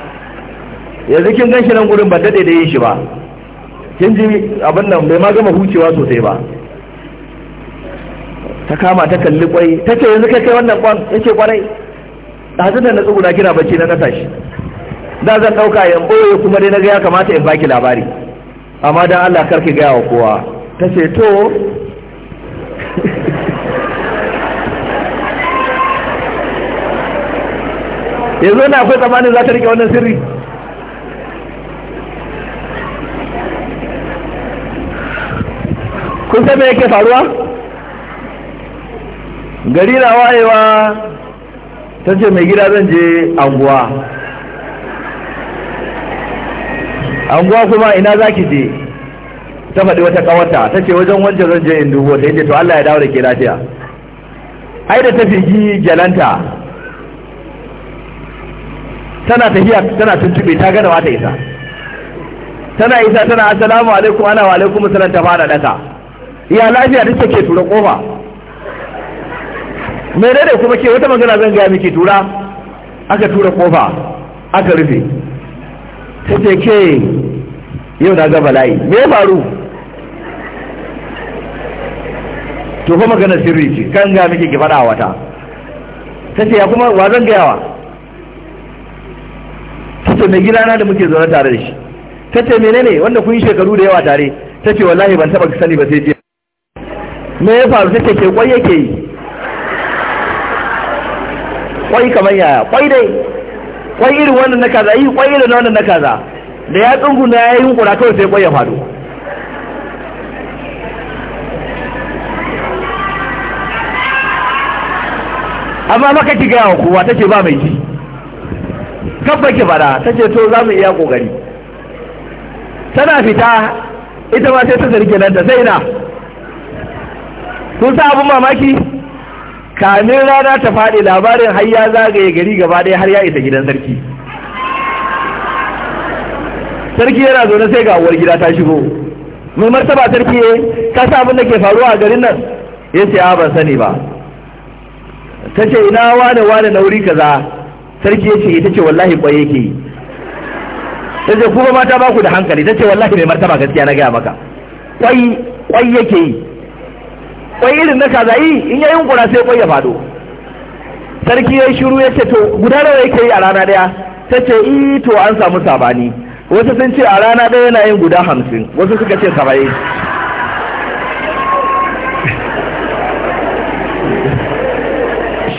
yanzu kin gan shi nan gurin ba daɗe da yin shi ba kin ji abin nan bai ma gama hucewa sosai ba ta kama ta kalli kwai ta ce yanzu kai kai wannan kwan ya ce da ɗazin da na tsuguna kira bacci na nasa shi da zan ɗauka yan ɓoye kuma dai na ga ya kamata in baki labari amma don allah karki gaya wa kowa ta ce to *laughs* yanzu na akwai tsammanin za ta rike wannan sirri kun san yake faruwa gari na wayewa ta ce mai gida zan je anguwa anguwa kuma ina za ki je ta faɗi wata ƙawata ta ce wajen wancan zan je in dubo ta yi to Allah ya dawo da ke lafiya ai da ta figi jalanta tana tafiya tana tuntube ta gada wata isa tana isa tana assalamu alaikum ana wa alaikum salam ta fara daka ya lafiya duk take tura kofa mai ne kuma ke wata magana zan gaya miki tura aka tura kofa aka rufe ta ce ke yau na gaba layi, me ya faru to fa magana sirri ce kan ga miki ki faɗa wata ta ce ya kuma wa zan gayawa ta ce mai gidana da muke zaune tare da shi ta ce menene wanda kun yi shekaru da yawa tare ta ce wallahi ban taɓa sani ba sai jiya me ya faru sai ke kwai yake yi kwai kamar yaya kwai dai kwai irin wannan na kaza yi kwai irin wannan na kaza da ya tsungu na ya yi yunkura kawai sai kwai ya faru amma maka ki gaya wa kowa ta ce ba mai ji kabba ki fada ta ce to za mu iya kokari tana fita ita ma sai ta zargi nan da na. kun sa abin mamaki kamin rana ta faɗi labarin har ya zagaye gari gaba ɗaya har ya isa gidan sarki sarki yana zaune sai ga uwar gida ta shigo mai martaba sarki ya eh, ka sa abin da ke faruwa a garin nan ya ce ban sani ba ta ce ina wane wane na wuri kaza sarki ya ce ita ce wallahi kwaye yake yi ta ce kuma mata ba ku da hankali ta ce wallahi mai martaba gaskiya na gaya maka Ƙwai kwai yake yi kwai irin na kaza, yi in ya hunkura sai kwai ya fado sarki ya yi shiru ya ce to guda nawa yake yi a rana daya ta ce i to an samu sabani wasu sun ce a rana daya yana yin guda hamsin wasu suka ce saba'in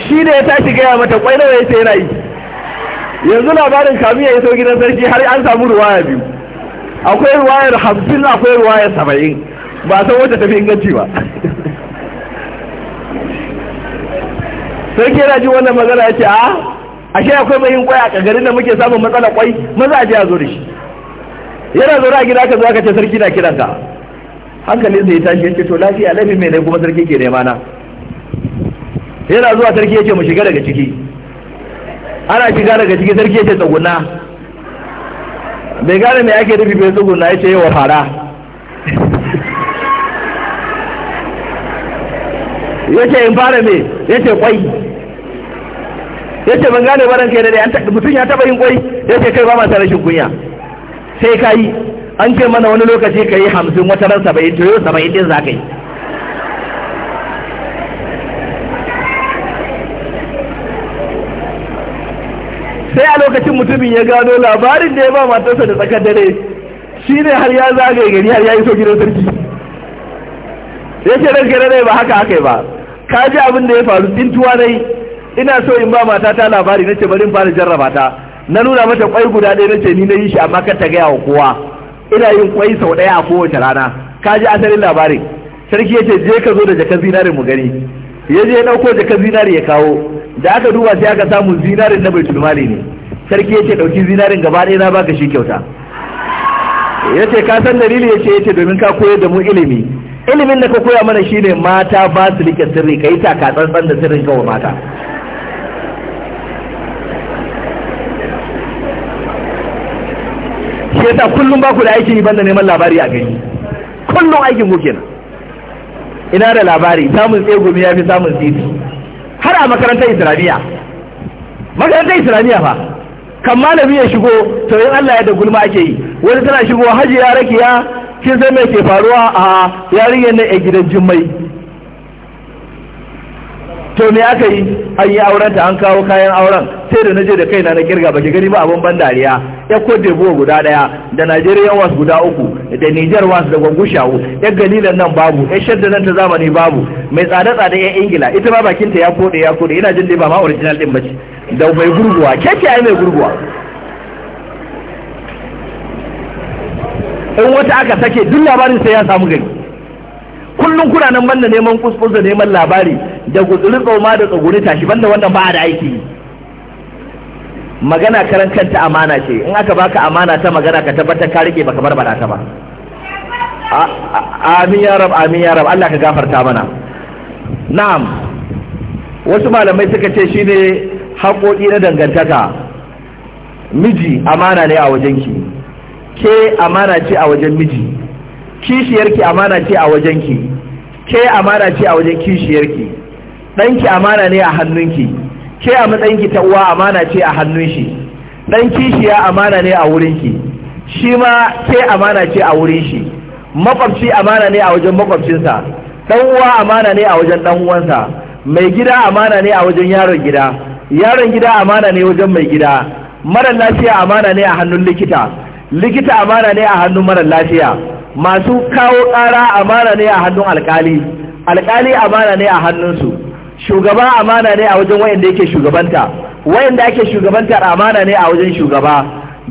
shi ne ya tashi gaya mata kwai nawa ya ce yana yi yanzu labarin kamiya ya sau gidan sarki har an samu ruwaya biyu akwai ruwayar hamsin akwai ruwayar saba'in ba san wacce tafi inganci ba sai ke ji wannan magana ya ce a ah, ashe akwai mai yin kwai a garin da muke samun matsala kwai maza a ji a zo da shi yana zo a gida ka zo aka ce sarki na kiran ka hankali sai tashi yace to lafiya lafi mai ne kuma sarki ke nema na yana zuwa sarki yace mu shiga daga ciki ana shiga daga ciki sarki yace tsaguna bai gane me ake nufi bai tsuguna yace yawa fara ce in fara me ce kwai ce ban gane baran kai dai mutum ya taba yin kwai ce kai ba ma ta rashin kunya sai ka yi an ce mana wani lokaci ka yi hamsin wata ran saba'in to yau saba'in din za ka yi sai a lokacin mutumin ya gano labarin da ya ba matarsa da tsakar dare shi ne har ya zagaye gari har ya yi so gidan sarki ya ce ran gare ba haka aka yi ba ka ji abin da ya faru tsintuwa dai ina so in ba mata ta labari nace bari in fara jarraba ta na nuna mata kwai guda ɗaya nace ni na yi shi amma kar ta gaya wa kowa ina yin kwai sau ɗaya a kowace rana ka ji asalin labarin sarki yace je ka zo da jakan zinare mu gani ya je ya ɗauko jakan zinari ya kawo da aka duba sai aka samu zinarin na bai mali ne sarki yace ɗauki zinarin gaba ɗaya na baka shi kyauta yace ka san dalili yace yace domin ka koyar da mu ilimi ilimin da ka koya mana shine mata ba su rike sirri ka yi taka tsantsan da sirrin kawo mata shi yasa kullum ba ku da aikin ban da neman labari a gani kullum aikin ku kenan ina da labari samun tsegumi ya fi samun titi har a makarantar islamiyya makarantar islamiyya fa kan malami ya shigo to yin Allah ya da gulma ake yi wani tana shigo hajiya rakiya kin zai mai ke faruwa a yarinyar na a gidan Jummai, to me aka yi an yi auren ta an kawo kayan auren sai da na je da kaina na kirga baki gani ba abin ban dariya ya Cote guda daya da Nigerian wasu guda uku da Niger wasu da Gwangushawu ya Galilan nan babu ya shadda nan ta zamani babu mai tsada tsada ya Ingila ita ma bakinta ya kode ya kode ina jin dai ba ma original din ce da mai gurguwa keke ai mai gurguwa in wata aka sake duk labarin sai ya samu gari kullum kuna nan banda neman kuskus da neman labari da gudurin tsoma da tsoguri tashi banda wannan ba da aiki magana karan kanta amana ce in aka baka amana ta magana ka tabbatar ka rike baka bar barata ba amin ya rab amin ya rab Allah ka gafarta mana na'am wasu malamai suka ce shine haƙoƙi na dangantaka miji amana ne a wajenki ke amana ce a wajen miji kishiyarki amana ce a wajenki ke amana ce a wajen kishiyarki ɗanki amana ne a hannunki ke a matsayinki ta uwa amana ce a hannun shi ɗan kishiya amana ne a wurinki shi ma ke amana ce a wurin shi makwabci amana ne a wajen makwabcinsa ɗan uwa amana ne a wajen ɗan uwansa mai gida amana ne a wajen yaron gida yaron gida amana ne wajen mai gida mara lafiya amana ne a hannun likita likita amana ne a hannun marar lafiya masu kawo ƙara amana ne a hannun alkali alkali amana ne a hannunsu shugaba amana ne a wajen wayanda yake shugabanta wayanda ake shugabanta amana ne a wajen shugaba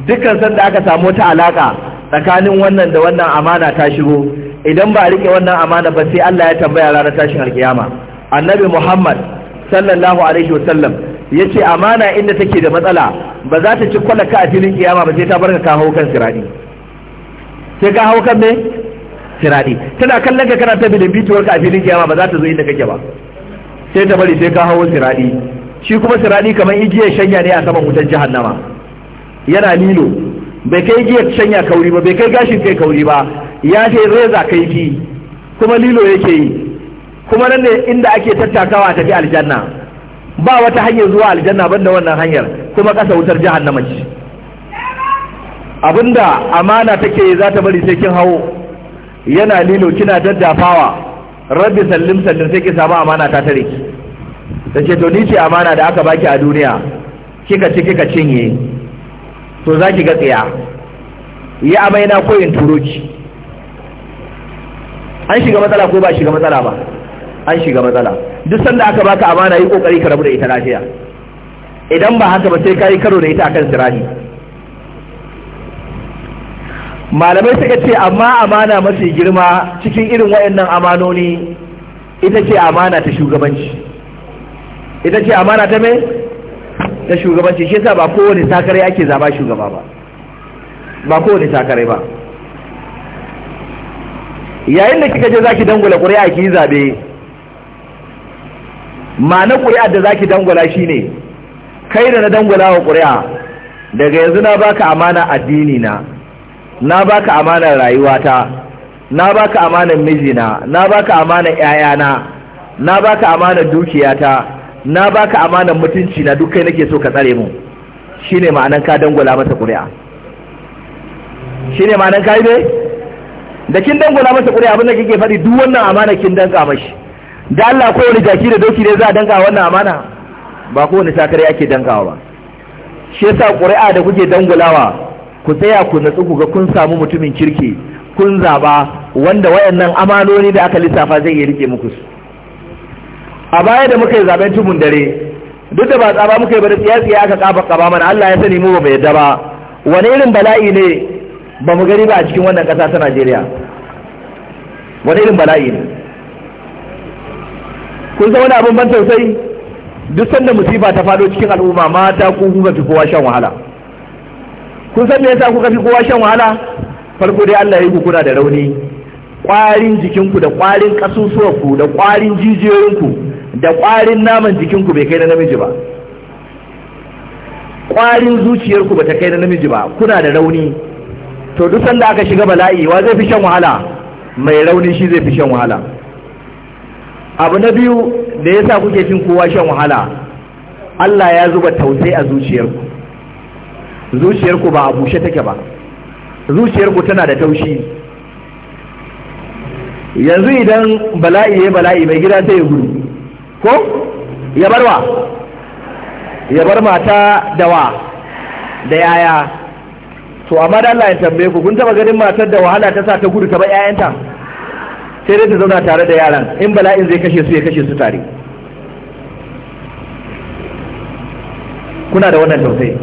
dukkan sanda aka samu ta alaka tsakanin wannan da wannan amana ta shigo idan ba a rike wannan amana ba sai Allah ya tambaya ranar tashin alkiyama annabi Muhammad sallallahu alaihi wasallam ya ce amana inda take da matsala ba za ta ci kwalaka a filin kiyama ba sai ta barka ka hau kan siradi sai ka hau kan me siradi tana kallon ka kana ta bilin bituwar ka a filin kiyama ba za ta zo inda kake ba sai ta bari sai ka hau siradi shi kuma siradi kamar igiyar shanya ne a saman wutar jahannama yana lilo bai kai igiyar shanya kauri ba bai kai gashin kai kauri ba ya ce reza kaifi kuma lilo yake yi kuma nan ne inda ake tattakawa a tafi aljanna ba wata hanyar zuwa aljanna banda wannan hanyar kuma kasa wutar jahannama ce abinda amana take za ta bari sai kin hawo yana lilo kina daddafawa rabbi sallim sallim sai ki samu amana ta tare ki tace to ni ce amana da aka baki a duniya kika ci kika cinye to za ki ga tsaya ya amai na koyin turo ki an shiga matsala ko ba shiga matsala ba an shiga matsala duk sanda aka baka amana yi kokari ka rabu da ita lafiya idan ba haka ba sai kai karo da ita akan sirahi malamai suka ce amma amana mafi girma cikin irin wayannan amanoni ita ce amana ta shugabanci ita ce amana ta mai ta shugabanci shi yasa ba kowane sakare ake zaba shugaba ba ba kowane sakare ba yayin da kika je zaki dangula ƙuri'a ki zabe na ƙuri'a da zaki dangwala shi ne, kai da na dangwala wa ƙuri'a daga yanzu na baka amana addini na na baka amana rayuwata na baka amana mijina na baka amana ƴaƴana na baka amana dukiyata na baka amana mutunci na duk kai nake so ka tsare mu shine ma'anar ka dangwala masa ƙuri'a shine ma'anar kai ne da kin dangwala masa ƙuri'a abin da kike faɗi duk wannan amana kin danka mashi da Allah kowane jaki da doki ne za a danka wannan amana ba kowane sakare ake dankawa ba shi yasa ƙuri'a da kuke dangulawa ku tsaya ku natsu ku ga kun samu mutumin kirki kun zaba wanda wayannan amanoni da aka lissafa zai iya rike muku su a baya da muka yi zaben tumun dare duk da ba tsaba muka yi ba da tsiya ya aka kaba kaba mana Allah ya sani mu ba yadda ba wani irin bala'i ne ba mu gari ba a cikin wannan ƙasa ta Najeriya wani irin bala'i ne kun san wani abin ban tausayi duk sanda musiba ta fado cikin al'umma mata ku kuka fi kowa shan wahala kun san me yasa kuka fi kowa shan wahala farko dai Allah ya yi kuna da rauni kwarin jikinku da kwarin ku, da kwarin ku, da kwarin naman jikin ku bai kai na namiji ba kwarin zuciyarku ba ta kai na namiji ba kuna da rauni to duk sanda aka shiga bala'i wa zai fi shan wahala mai rauni shi zai fi shan wahala abu na biyu da ya sa kuke cin kowa shan wahala Allah ya zuba tausai a zuciyarku zuciyarku ba a bushe take ba zuciyarku tana da taushi yanzu idan bala'i ya bala'i mai gida sai ya gudu ko ya barwa ya bar mata dawa da yaya to amma da Allah ya tambaye ku kun taba ganin matar da wahala ta sa ta gudu ta bar 'ya'yanta sai dai ta zauna tare da yaran in bala'in zai kashe su ya kashe su tare kuna da wannan tausayi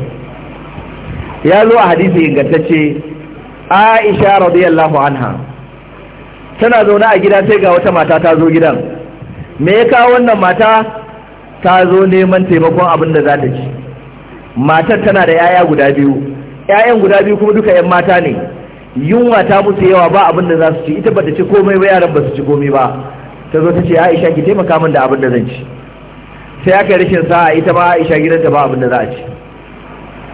ya zo a hadisi ingantacce aisha radiyallahu anha tana zaune a gida sai ga wata mata ta zo gidan me ya kawo wannan mata ta zo neman taimakon abin da za ta ci matar tana da 'ya'ya guda biyu 'ya'yan guda biyu kuma duka 'yan mata ne yunwa ta musu yawa ba abin da za su ci ita bata ci komai ba yaran ba su ci komai ba ta zo ta ce Aisha ki taimaka min da abin da zan ci sai aka rashin sa'a ita ma Aisha gidanta ba abin da za a ci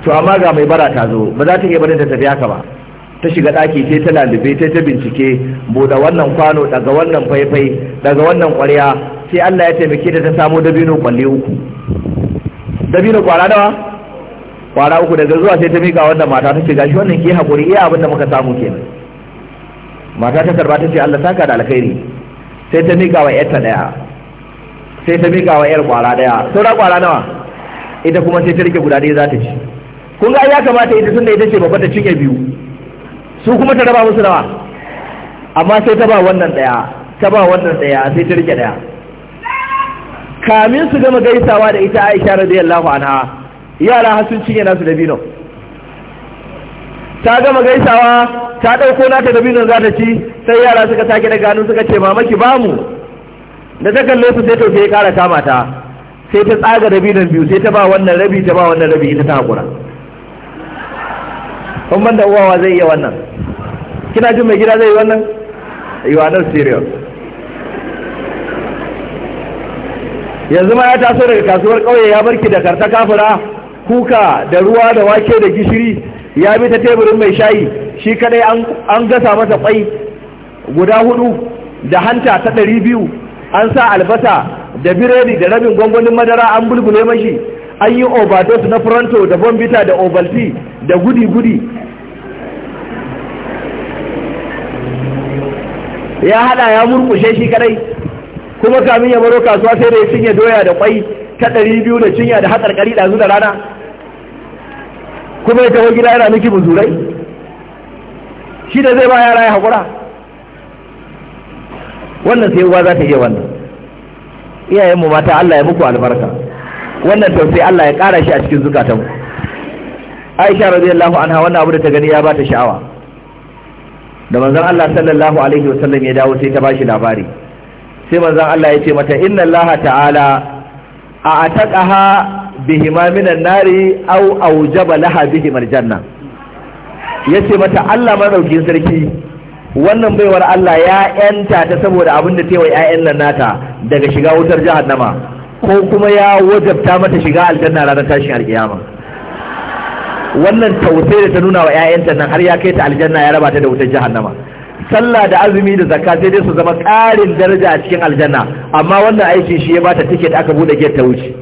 to amma ga mai bara ta zo ba za ta iya barin ta tafi haka ba ta shiga ɗaki sai ta lalube sai ta bincike buɗe wannan kwano daga wannan faifai daga wannan ƙwarya sai Allah ya taimake ta ta samo dabino kwalle uku dabino kwara nawa kwana uku daga zuwa sai ta mika wannan mata ta ce gashi wannan ke haƙuri iya abin da muka samu kenan mata ta karba ta ce Allah saka da alkhairi sai ta mika wa yarta daya sai ta mika wa yar kwara daya saura kwara nawa ita kuma sai ta rike guda ɗaya za ta ci kun ga ya kamata ita tunda ita ce babbar ta cinye biyu su kuma ta raba musu nawa amma sai ta ba wannan daya ta ba wannan daya sai ta rike daya kamin su gama gaisawa da ita Aisha radiyallahu anha yara har sun cinye nasu dabino ta gama gaisawa ta ɗauko nata dabino za ta ci sai yara suka sake da ganu suka ce mamaki bamu da ta kalle su sai tausayi ƙara kama ta sai ta tsaga dabinon biyu sai ta ba wannan rabi ta ba wannan rabi ita ta hakura kuma da uwawa zai iya wannan kina jin mai gida zai yi wannan you are not serious yanzu ma ya taso daga kasuwar kauye ya barki da karta kafura kuka da ruwa da wake da gishiri ya bi ta teburin mai shayi shi kadai an gasa masa kwai guda hudu da hanta ta ɗari biyu an sa albasa da biredi da rabin gwangwanin madara an bulbule mashi an yi obados na furanto da bombita da obalti da gudi-gudi ya hada ya murkushe shi kadai kuma kamin ya baro kasuwa sai da ya cinye doya da kwai ta ɗari biyu da cinya da hatsar kari ɗazu da rana kuma ya tafi gida yana miki buzurai shi da zai ba yara ya haƙura wannan sai uwa za ta iya wannan iyayen mu mata Allah ya muku albarka wannan tausayi Allah ya ƙara shi a cikin zukatan Aisha radiyallahu anha wannan abu da ta gani ya ba ta sha'awa da manzon Allah sallallahu alaihi sallam ya dawo sai ta bashi labari sai manzon Allah ya ce mata inna Allah ta'ala a ataqaha bihima minan nari au aujaba laha bihimar janna yace mata Allah madaukin sarki wannan baiwar Allah ya yanta ta saboda abin da ta yi wa ƴaƴan nan nata daga shiga wutar jahannama ko kuma ya wajabta mata shiga aljanna ranar tashin alkiyama wannan tausayi da ta nuna wa ƴaƴanta nan har ya kai ta aljanna ya raba ta da wutar jahannama sallah da azumi da zakka sai dai su zama karin daraja a cikin aljanna amma wannan aikin shi ya bata ticket aka bude gate ta wuce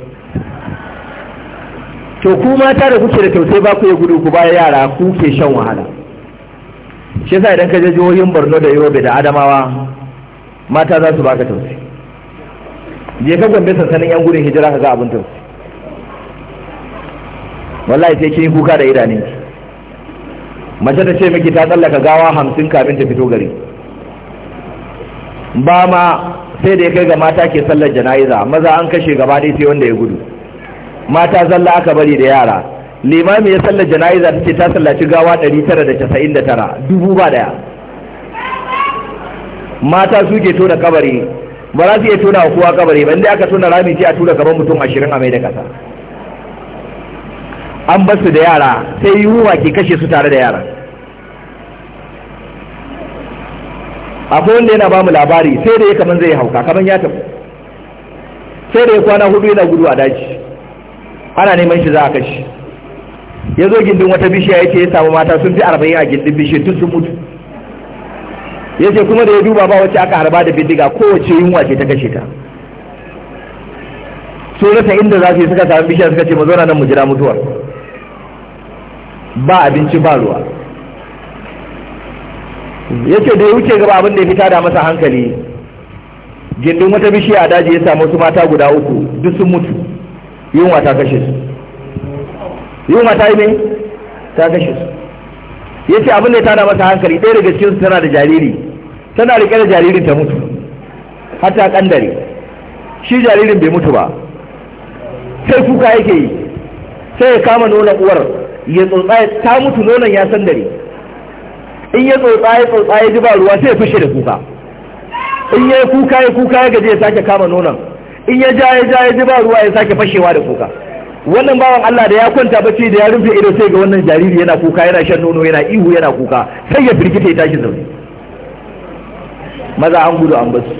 to ku mata da kuke da tausayi ba ku ya gudu ku baya yara ku ke shan wahala shi yasa idan ka je jihohin Borno da Yobe da Adamawa mata za su baka tausayi je ka gombe sansanin yan gudun hijira ka ga abin tausayi wallahi sai kin kuka da idanunki mace ta ce miki ta tsallaka gawa hamsin kafin ta fito gari ba ma sai da ya kai ga mata ke sallar jana'iza maza an kashe gaba dai sai wanda ya gudu mata zalla aka bari da yara limami ya sallar jana'iza ce ta sallaci gawa 999 dubu ba daya mata suke tona kabari ba za su iya tona kowa kabari ba inda aka tona rami ce a tura gaban mutum ashirin a mai da kasa an basu da yara sai yiwuwa ke kashe su tare da yara akwai wanda yana ba mu labari sai da ya kaman zai hauka kaman ya tafi sai da ya kwana hudu yana gudu a daji ana neman shi za a kashi ya zo gindin wata bishiya ya ce ya samu mata sun fi arba'in a gindin bishiyar tun sun mutu ya ce kuma da ya duba ba wacce aka harba da bindiga kowace yunwa ce ta kashe ta na rasa inda za su yi suka samu bishiyar suka ce mu zauna nan mu jira mutuwar ba abinci ba ruwa ya ce da ya wuce gaba abin da ya fita da masa hankali gindin wata bishiya a daji ya samu su mata guda uku duk sun mutu yunwa ta kashe su yunwa ta yi ne ta kashe su ya ce abin da ya tada masa hankali ɗaya daga cikinsu tana da jariri tana riƙe da jaririn ta mutu har ta ƙandare shi jaririn bai mutu ba sai kuka yake yi sai ya kama nonon uwar ya tsotsa ta mutu nonon ya san dare in ya tsotsa ya tsotsa ya ji ba ruwa sai ya fushe da kuka in ya kuka ya kuka ya gaji ya sake kama nonon in ya ja ya ya ji ba ruwa ya sake fashewa da kuka wannan bawan Allah da ya kwanta bace da ya rufe ido sai ga wannan jariri yana kuka yana shan nono yana ihu yana kuka sai ya firgita ya tashi zaune maza an gudu an basu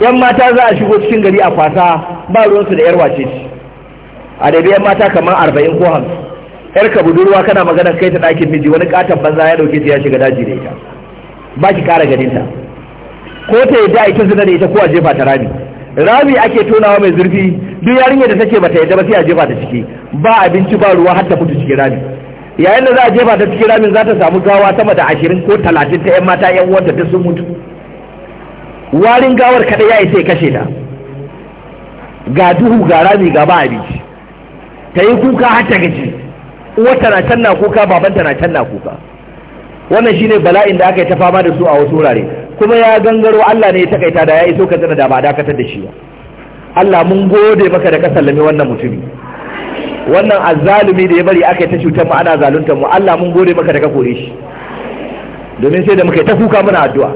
yan mata za a shigo cikin gari a kwasa ba su da yar wace ce a daidai yan mata kamar arba'in ko hamsin yar ka budurwa kana magana kai ta ɗakin miji wani katon banza ya dauke ta ya shiga daji da ita ba ki kara ganin ta ko ta yadda a ita zina da ita ko a jefa ta rami rami ake tonawa mai zurfi duk yarinyar da take bata yadda ba sai a jefa ta ciki ba abinci ba ruwa har ta fito cikin rami yayin da za a jefa ta cikin ramin za ta samu gawa sama da ashirin ko talatin ta 'yan mata 'yan uwanta ta sun mutu warin gawar kaɗai ya isa ya kashe ta ga duhu ga rami ga ba abinci ta yi kuka har ta gaji uwarta na can na kuka babanta na can na kuka wannan shine bala'in da aka yi ta fama da su a wasu wurare kuma ya gangaro Allah ne ya takaita da ya iso ka tsina da ba dakatar da shi ba Allah mun gode maka da ka sallame wannan mutumi wannan azzalumi da ya bari aka yi ta cutar mu ana zaluntar mu Allah mun gode maka da ka kore shi domin sai da muka yi ta kuka muna addu'a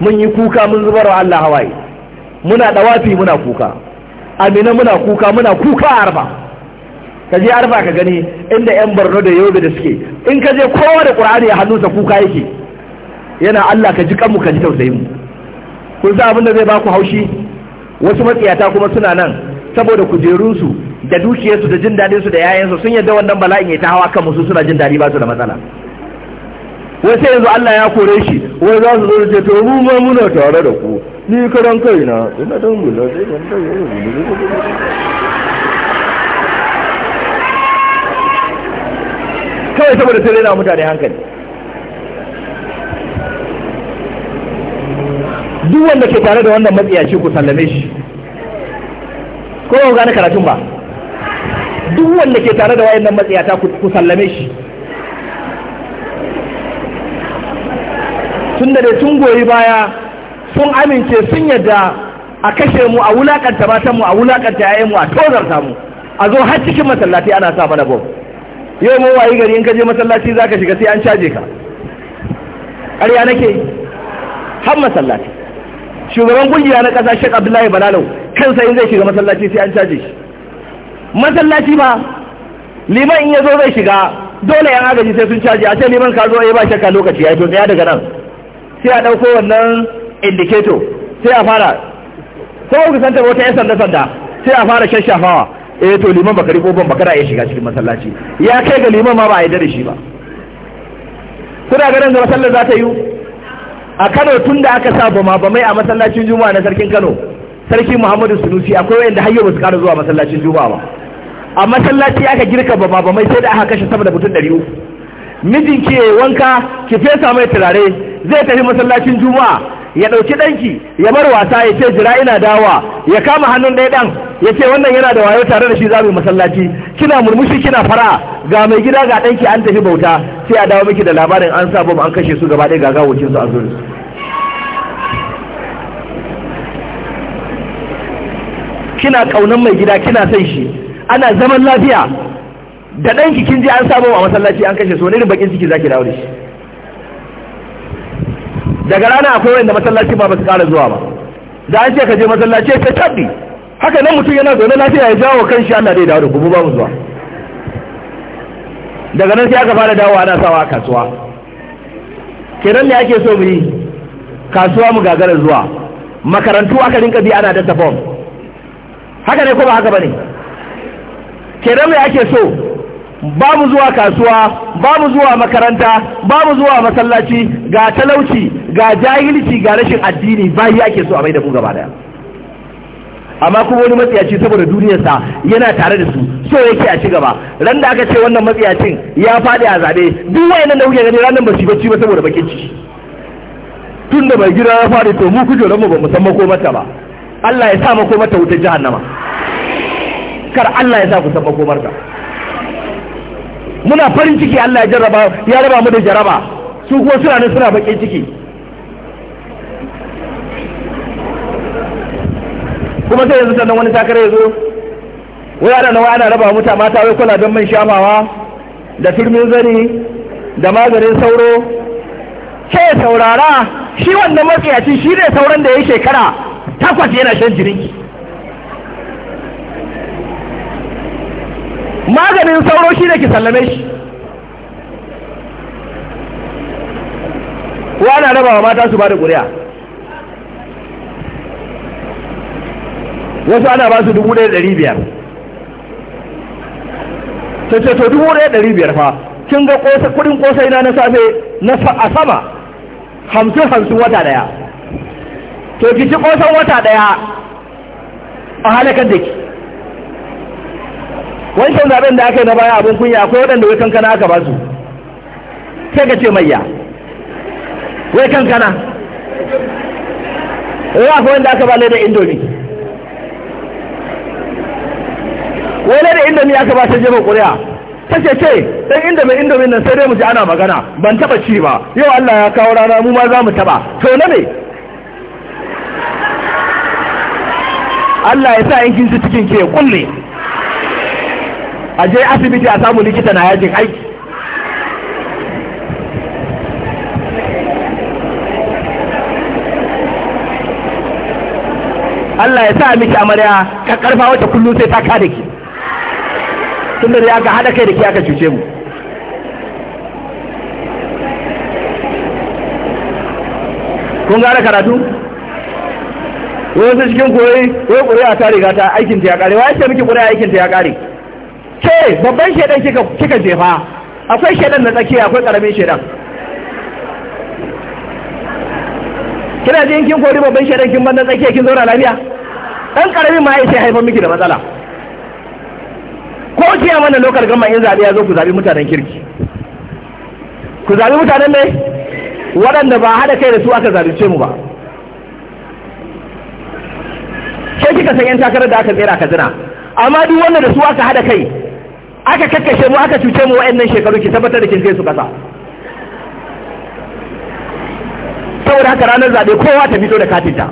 mun yi kuka mun zubar wa Allah hawaye muna dawafi muna kuka amina muna kuka muna kuka arba ka je arba ka gani inda yan Borno da Yobe da suke in ka je kowa da Qur'ani a hannunsa kuka yake yana Allah ka ji kanmu ka ji tausayin mu kun san abin da zai baku haushi wasu matsiyata kuma suna nan saboda kujerunsu da dukiyarsu da jin daɗinsu da yayansu sun yadda wannan bala'in ya ta hawa kan musu suna jin daɗi ba su da matsala wai sai yanzu Allah ya kore shi wai za su zo ce to mu ma muna tare da ku ni karan kaina ina dan gula sai dan kawai saboda sai na mutane hankali duk wanda ke tare da wannan matsiyaci ku sallame shi ko ba ku gane karatun ba duk wanda ke tare da wayannan matsiyata ku sallame shi tun da dai goyi baya sun amince sun yadda a kashe mu a wulakanta matan mu a wulakanta yayin mu a tozarta mu a zo har cikin masallaci ana sa mana bom yau mun wayi gari in ka je masallaci zaka shiga sai an caje ka ƙarya nake har masallaci shugaban kungiya na kasa Sheikh Abdullahi Balalau kansa in zai shiga masallaci sai an caje shi masallaci ba liman in yazo zai shiga dole yan agaji sai sun caje a ce liman ka zo eh ba shakka lokaci ya to tsaya daga nan sai a dauko wannan indicator sai a fara ko ku santa wata yan sanda sanda sai a fara shashafawa eh to liman baka riko ban baka da ya shiga cikin masallaci ya kai ga liman ma ba a yi da shi ba kuna ganin da masallar za ta yi a Kano tun da aka sa bama bamai a masallacin Juma'a na sarkin Kano sarki Muhammadu Sunusi akwai wanda har yau ba su ƙara zuwa masallacin Juma'a ba a masallaci aka girka bama bamai sai da aka kashe sama da mutum 300 mijin ke wanka ki fesa mai turare zai tafi masallacin Juma'a ya ɗauki ɗanki ya bar wasa ya ce jira ina dawa ya kama hannun ɗaya ɗan ya ce wannan yana da wayo tare da shi za mu yi masallaci kina murmushi kina fara ga mai gida ga ɗanki an tafi bauta sai a dawo miki da labarin an sa bom an kashe su gaba ɗaya ga gawokin su a zuri kina kaunan mai gida kina son shi ana zaman lafiya da ɗanki kin je an sa bom a masallaci an kashe su wani irin bakin ciki zaki dawo da shi daga rana akwai wanda masallaci ba ba su ƙara zuwa ba da an ce ka je masallaci ka tabbi haka nan mutum yana zaune lafiya ya jawo kan shi Allah zai dawo da gubu ba mu zuwa daga nan sai aka fara dawo ana sawa kasuwa kenan ne ake so mu yi kasuwa mu gagara zuwa makarantu aka rinka bi ana dasa form haka ne ko ba haka bane kenan ne ake so ba mu zuwa kasuwa ba mu zuwa makaranta ba mu zuwa masallaci ga talauci ga jahilci ga rashin addini bayi ake so a mai da mu gaba daya amma kuma wani matsiyaci saboda duniyarsa yana tare da su so yake a ci gaba ran da aka ce wannan matsiyacin ya faɗi a zaɓe duk nan da kuke gani ranar ba shi bacci ba saboda bakin ciki tun da bai gida ya faɗi to mu kujerar mu ba mu san mako mata ba Allah ya sa mako mata wutar jahannama kar Allah ya sa ku san mako marta muna farin ciki Allah ya jarraba ya raba mu da jaraba su kuma suna nan suna bakin ciki kuma sai yanzu sannan wani takara ya zo wai ana nawa ana raba muta mata wai kula don man shafawa da turmin zari da maganin sauro ke saurara shi wannan matsayaci shi ne sauran da ya shekara takwas yana shan jirinki maganin sauro shi ne ki sallame shi wa ana raba wa mata su ba da ƙuri'a wasu ana ba su dubu ɗaya ɗari biyar ta to dubu ɗaya ɗari biyar fa kin ga kudin kosai na na safe na a sama hamsin hamsin wata ɗaya to ki ci kosan wata ɗaya a halakar da ki wancan zaben da aka yi na baya abin kunya akwai waɗanda wai kankana aka ba su sai ka ce mayya wai kankana wai eh, akwai wanda aka ba da indomi wani da indomi aka ba ta jefa ƙuri'a ta ce ce inda mai indomin nan sai dai mu ji ana magana ban taba ci ba yau Allah ya kawo rana mu ma za mu taba to na ne Allah ya sa in kin ci cikin ke kulle a je asibiti a samu likita na yajin aiki Allah ya sa miki amarya ka karfa wata kullum sai ta kada ki tun da aka haɗa kai da ke aka cuce mu kun gane karatu wasu cikin koyi wai ƙuri'a a riga ta aikin ta ya ƙare wai ce miki ƙuri'a aikin ta ya ƙare ke babban shedan kika kika jefa akwai shedan na tsakiya akwai ƙaramin shedan kina jin kin kori babban shedan kin banda tsakiya kin zauna lafiya dan ƙaramin ma ya sai haifar miki da matsala ko jiya mana lokar gama in zaɓe ya zo ku zaɓi mutanen kirki ku zaɓi mutanen ne waɗanda ba haɗa kai da su aka zalunce mu ba sai kika san yan takarar da aka tsira ka zina amma duk wanda da su aka haɗa kai aka kakkashe mu aka cuce mu wa'annan shekaru ki tabbatar da kin kai su ƙasa saboda haka ranar zaɓe kowa ta fito da katinta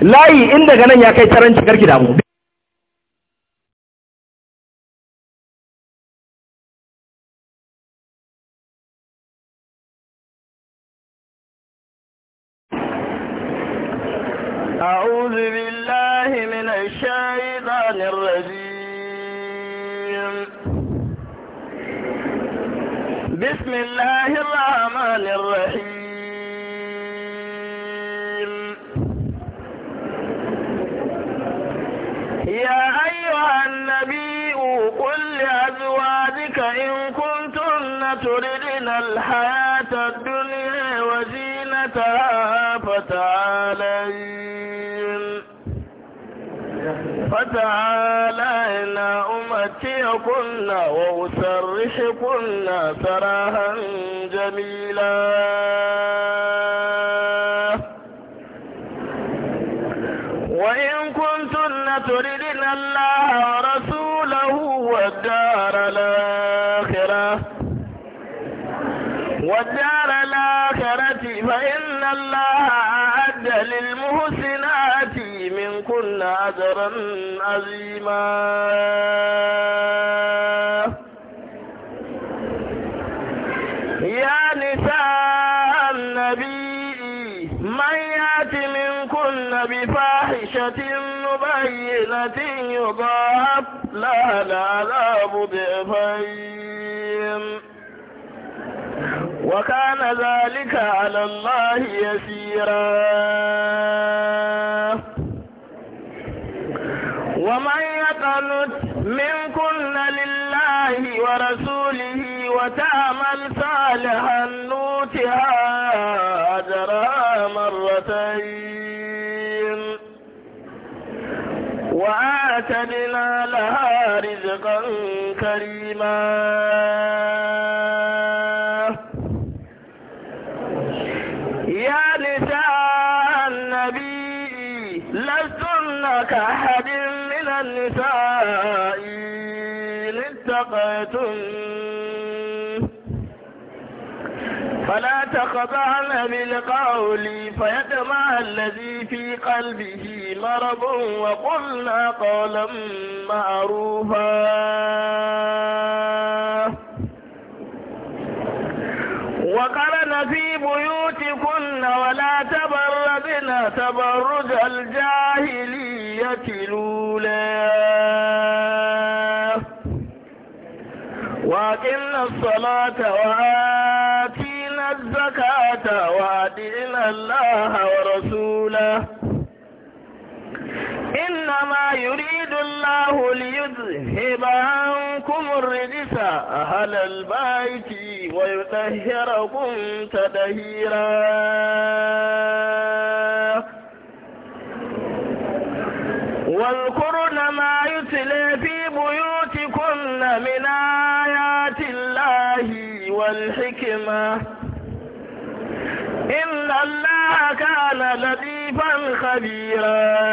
layi in daga nan ya kai taranci karki damu وكان ذلك على الله يسيرا ومن يقنت منكن لله ورسوله وتعمل صالحا نوتها أجرها مرتين وآتدنا لها رزقا كريما لستن كأحد من النساء لاتقيتم اتقيتن فلا تخضعن بالقول فيتمع الذي في قلبه مرض وقلنا قولا معروفا وقرن في بيوتكن ولا تبرجن تبرج الجاهلية الأولى وأقمنا الصلاة وآتينا الزكاة وأدعنا الله ورسوله إنما يريد الله ليذهب عنكم الرجس أهل البيت ويطهركم تطهيرا واذكرن ما يتلى في بيوتكن من آيات الله والحكمة إن الله كان لطيفا خبيرا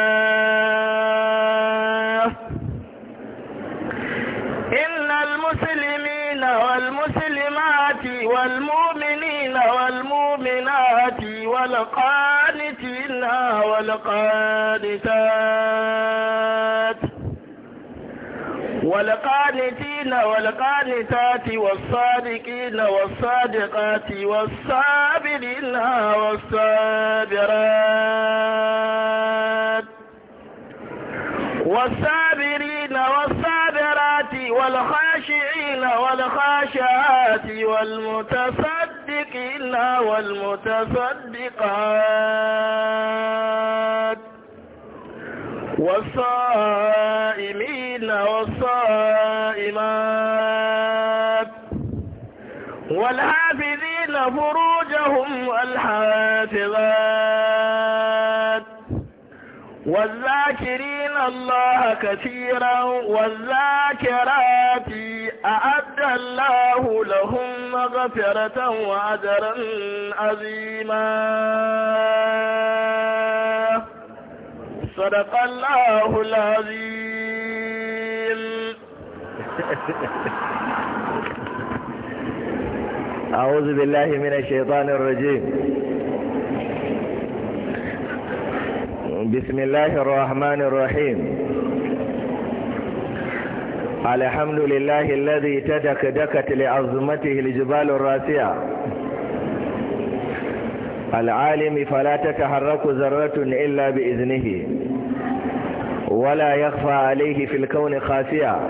والمؤمنات والمؤمنين والمؤمنات والقانتين والقانتات والقانتين والقانتات والصادقين والصادقات والصابرين والصابرات والصابرين والصابرات والخاشعين والخاشعات والمتصدقين والمتصدقات والصائمين والصائمات والحافظين فروجهم والحافظات والذاكرين الله كثيرا والذاكرات أعد الله لهم مغفرة وعذرا عظيما صدق الله العظيم أعوذ بالله من الشيطان الرجيم بسم الله الرحمن الرحيم الحمد لله الذي تدك دكت لعظمته الجبال الراسعة العالم فلا تتحرك ذرة إلا بإذنه ولا يخفى عليه في الكون خاسئة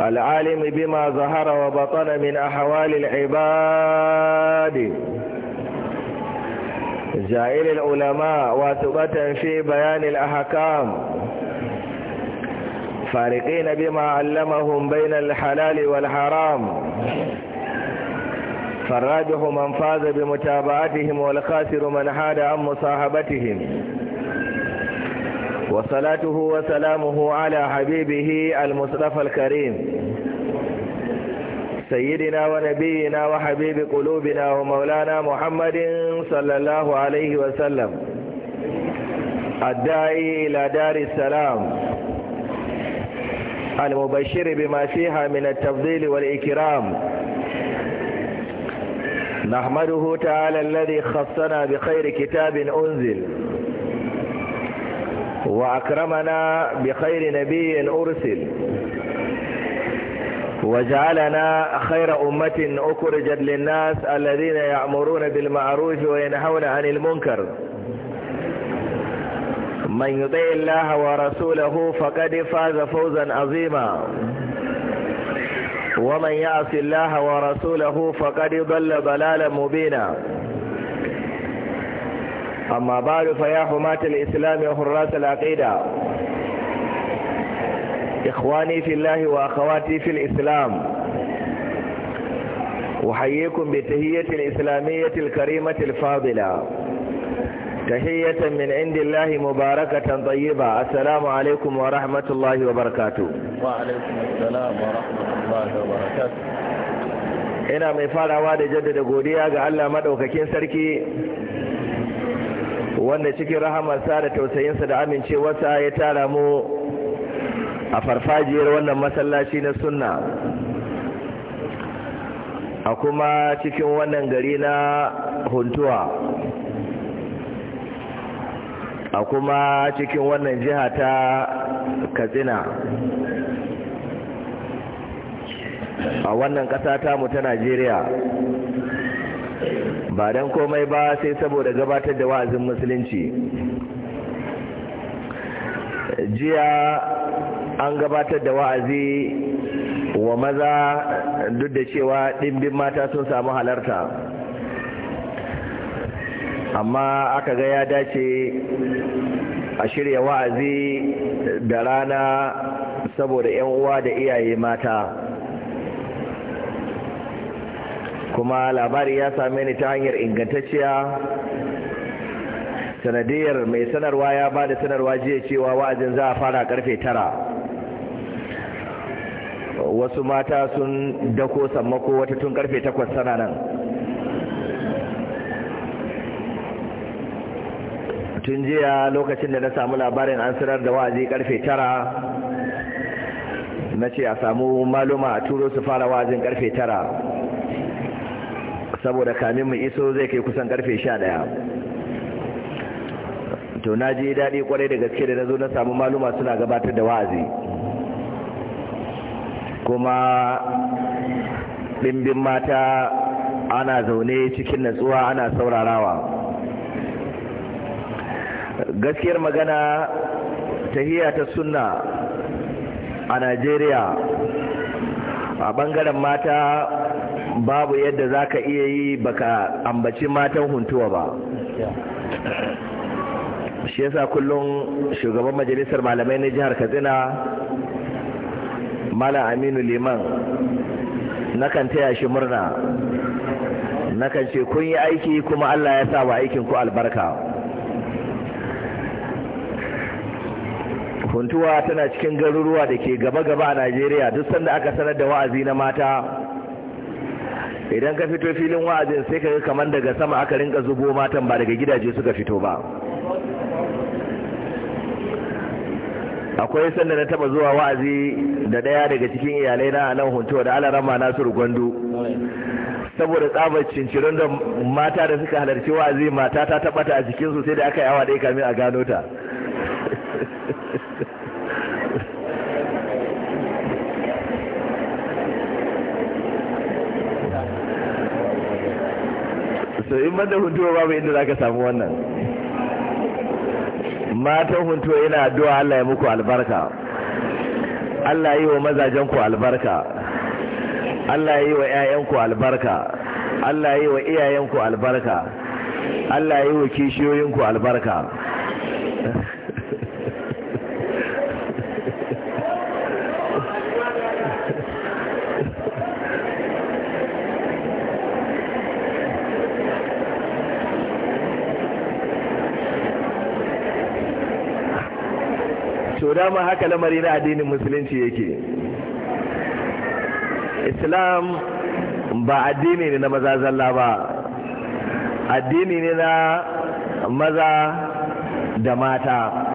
العالم بما ظهر وبطن من أحوال العباد زائر العلماء واثبة في بيان الأحكام فارقين بما علمهم بين الحلال والحرام فالراجح من فاز بمتابعتهم والخاسر من حاد عن مصاحبتهم وصلاته وسلامه على حبيبه المصطفى الكريم سيدنا ونبينا وحبيب قلوبنا ومولانا محمد صلى الله عليه وسلم الداعي إلى دار السلام المبشر بما فيها من التفضيل والإكرام نحمده تعالى الذي خصنا بخير كتاب أنزل وأكرمنا بخير نبي أرسل وجعلنا خير أمة أخرجت للناس الذين يأمرون بالمعروف وينهون عن المنكر من يطيع الله ورسوله فقد فاز فوزا عظيما ومن يعص الله ورسوله فقد ضل ضلالا مبينا أما بعد فيا حماة الإسلام وحراس العقيدة إخواني في الله وأخواتي في الإسلام أحييكم بتهية الإسلامية الكريمة الفاضلة تحية من عند الله مباركة طيبة السلام عليكم ورحمة الله وبركاته وعليكم السلام ورحمة الله وبركاته ina mai farawa da jaddada godiya ga Allah madaukakin sarki wanda cikin rahamarsa da tausayinsa da amincewarsa ya tara mu a farfajiyar wannan masallaci na sunna a kuma cikin wannan gari na huntuwa a kuma cikin wannan jiha ta katsina a wannan ƙasa tamu ta najeriya ba don komai ba sai saboda gabatar da wa'azin musulunci jiya an gabatar da wa'azi wa maza duk da cewa ɗimbin mata sun samu halarta amma aka ga ya dace a shirya wa'azi da rana saboda 'yan uwa da iyaye mata kuma labari ya same ni ta hanyar ingantacciya sanadiyar mai sanarwa ya ba da sanarwa jiya cewa wa'azin za a fara karfe tara wasu mata sun dako sammako wata tun karfe takwas sana nan tun jiya lokacin da na samu labarin an sanar da wa'azi karfe tara na ce a samu maluma a turo su fara wa'azin karfe tara saboda kamin mu iso zai kai kusan karfe sha ɗaya to na ji daɗi kwarai da gaske da na zo na samu maluma suna gabatar da wa'azi kuma ɗimbin mata ana zaune cikin natsuwa ana saurarawa gaskiyar magana tahiya ta sunna a najeriya a ɓangaren mata babu yadda za ka iya yi baka ambaci matan huntuwa ba shi yasa kullum shugaban majalisar malamai na jihar katsina mala aminu liman nakan taya shi murna nakan ce kun yi aiki kuma allah ya sa wa ku albarka huntuwa tana cikin garuruwa da ke gaba-gaba a najeriya duk sanda aka sanar da wa'azi na mata idan ka fito filin wa'azin sai ka kamar daga sama aka rinka zubo matan ba daga gidaje suka fito ba akwai sanda na taba zuwa wa'azi da daya daga cikin iyalai na nan hunto da alarama nasiru gwandu saboda tsabar cincirin da mata da suka halarci wa'azi mata ta tabbata a jikinsu sai da aka yi awa ɗaya kamin a gano ta *laughs* to in banda huntuwa babu inda za ka samu wannan matan huntuwa yana addu'a Allah ya muku albarka Allah yi wa mazajenku albarka Allah yi wa 'ya'yanku albarka Allah yi wa iyayenku albarka Allah yi wa kishiyoyinku albarka dama haka lamari na addinin musulunci yake islam ba addini ne na maza zalla ba addini ne na maza da mata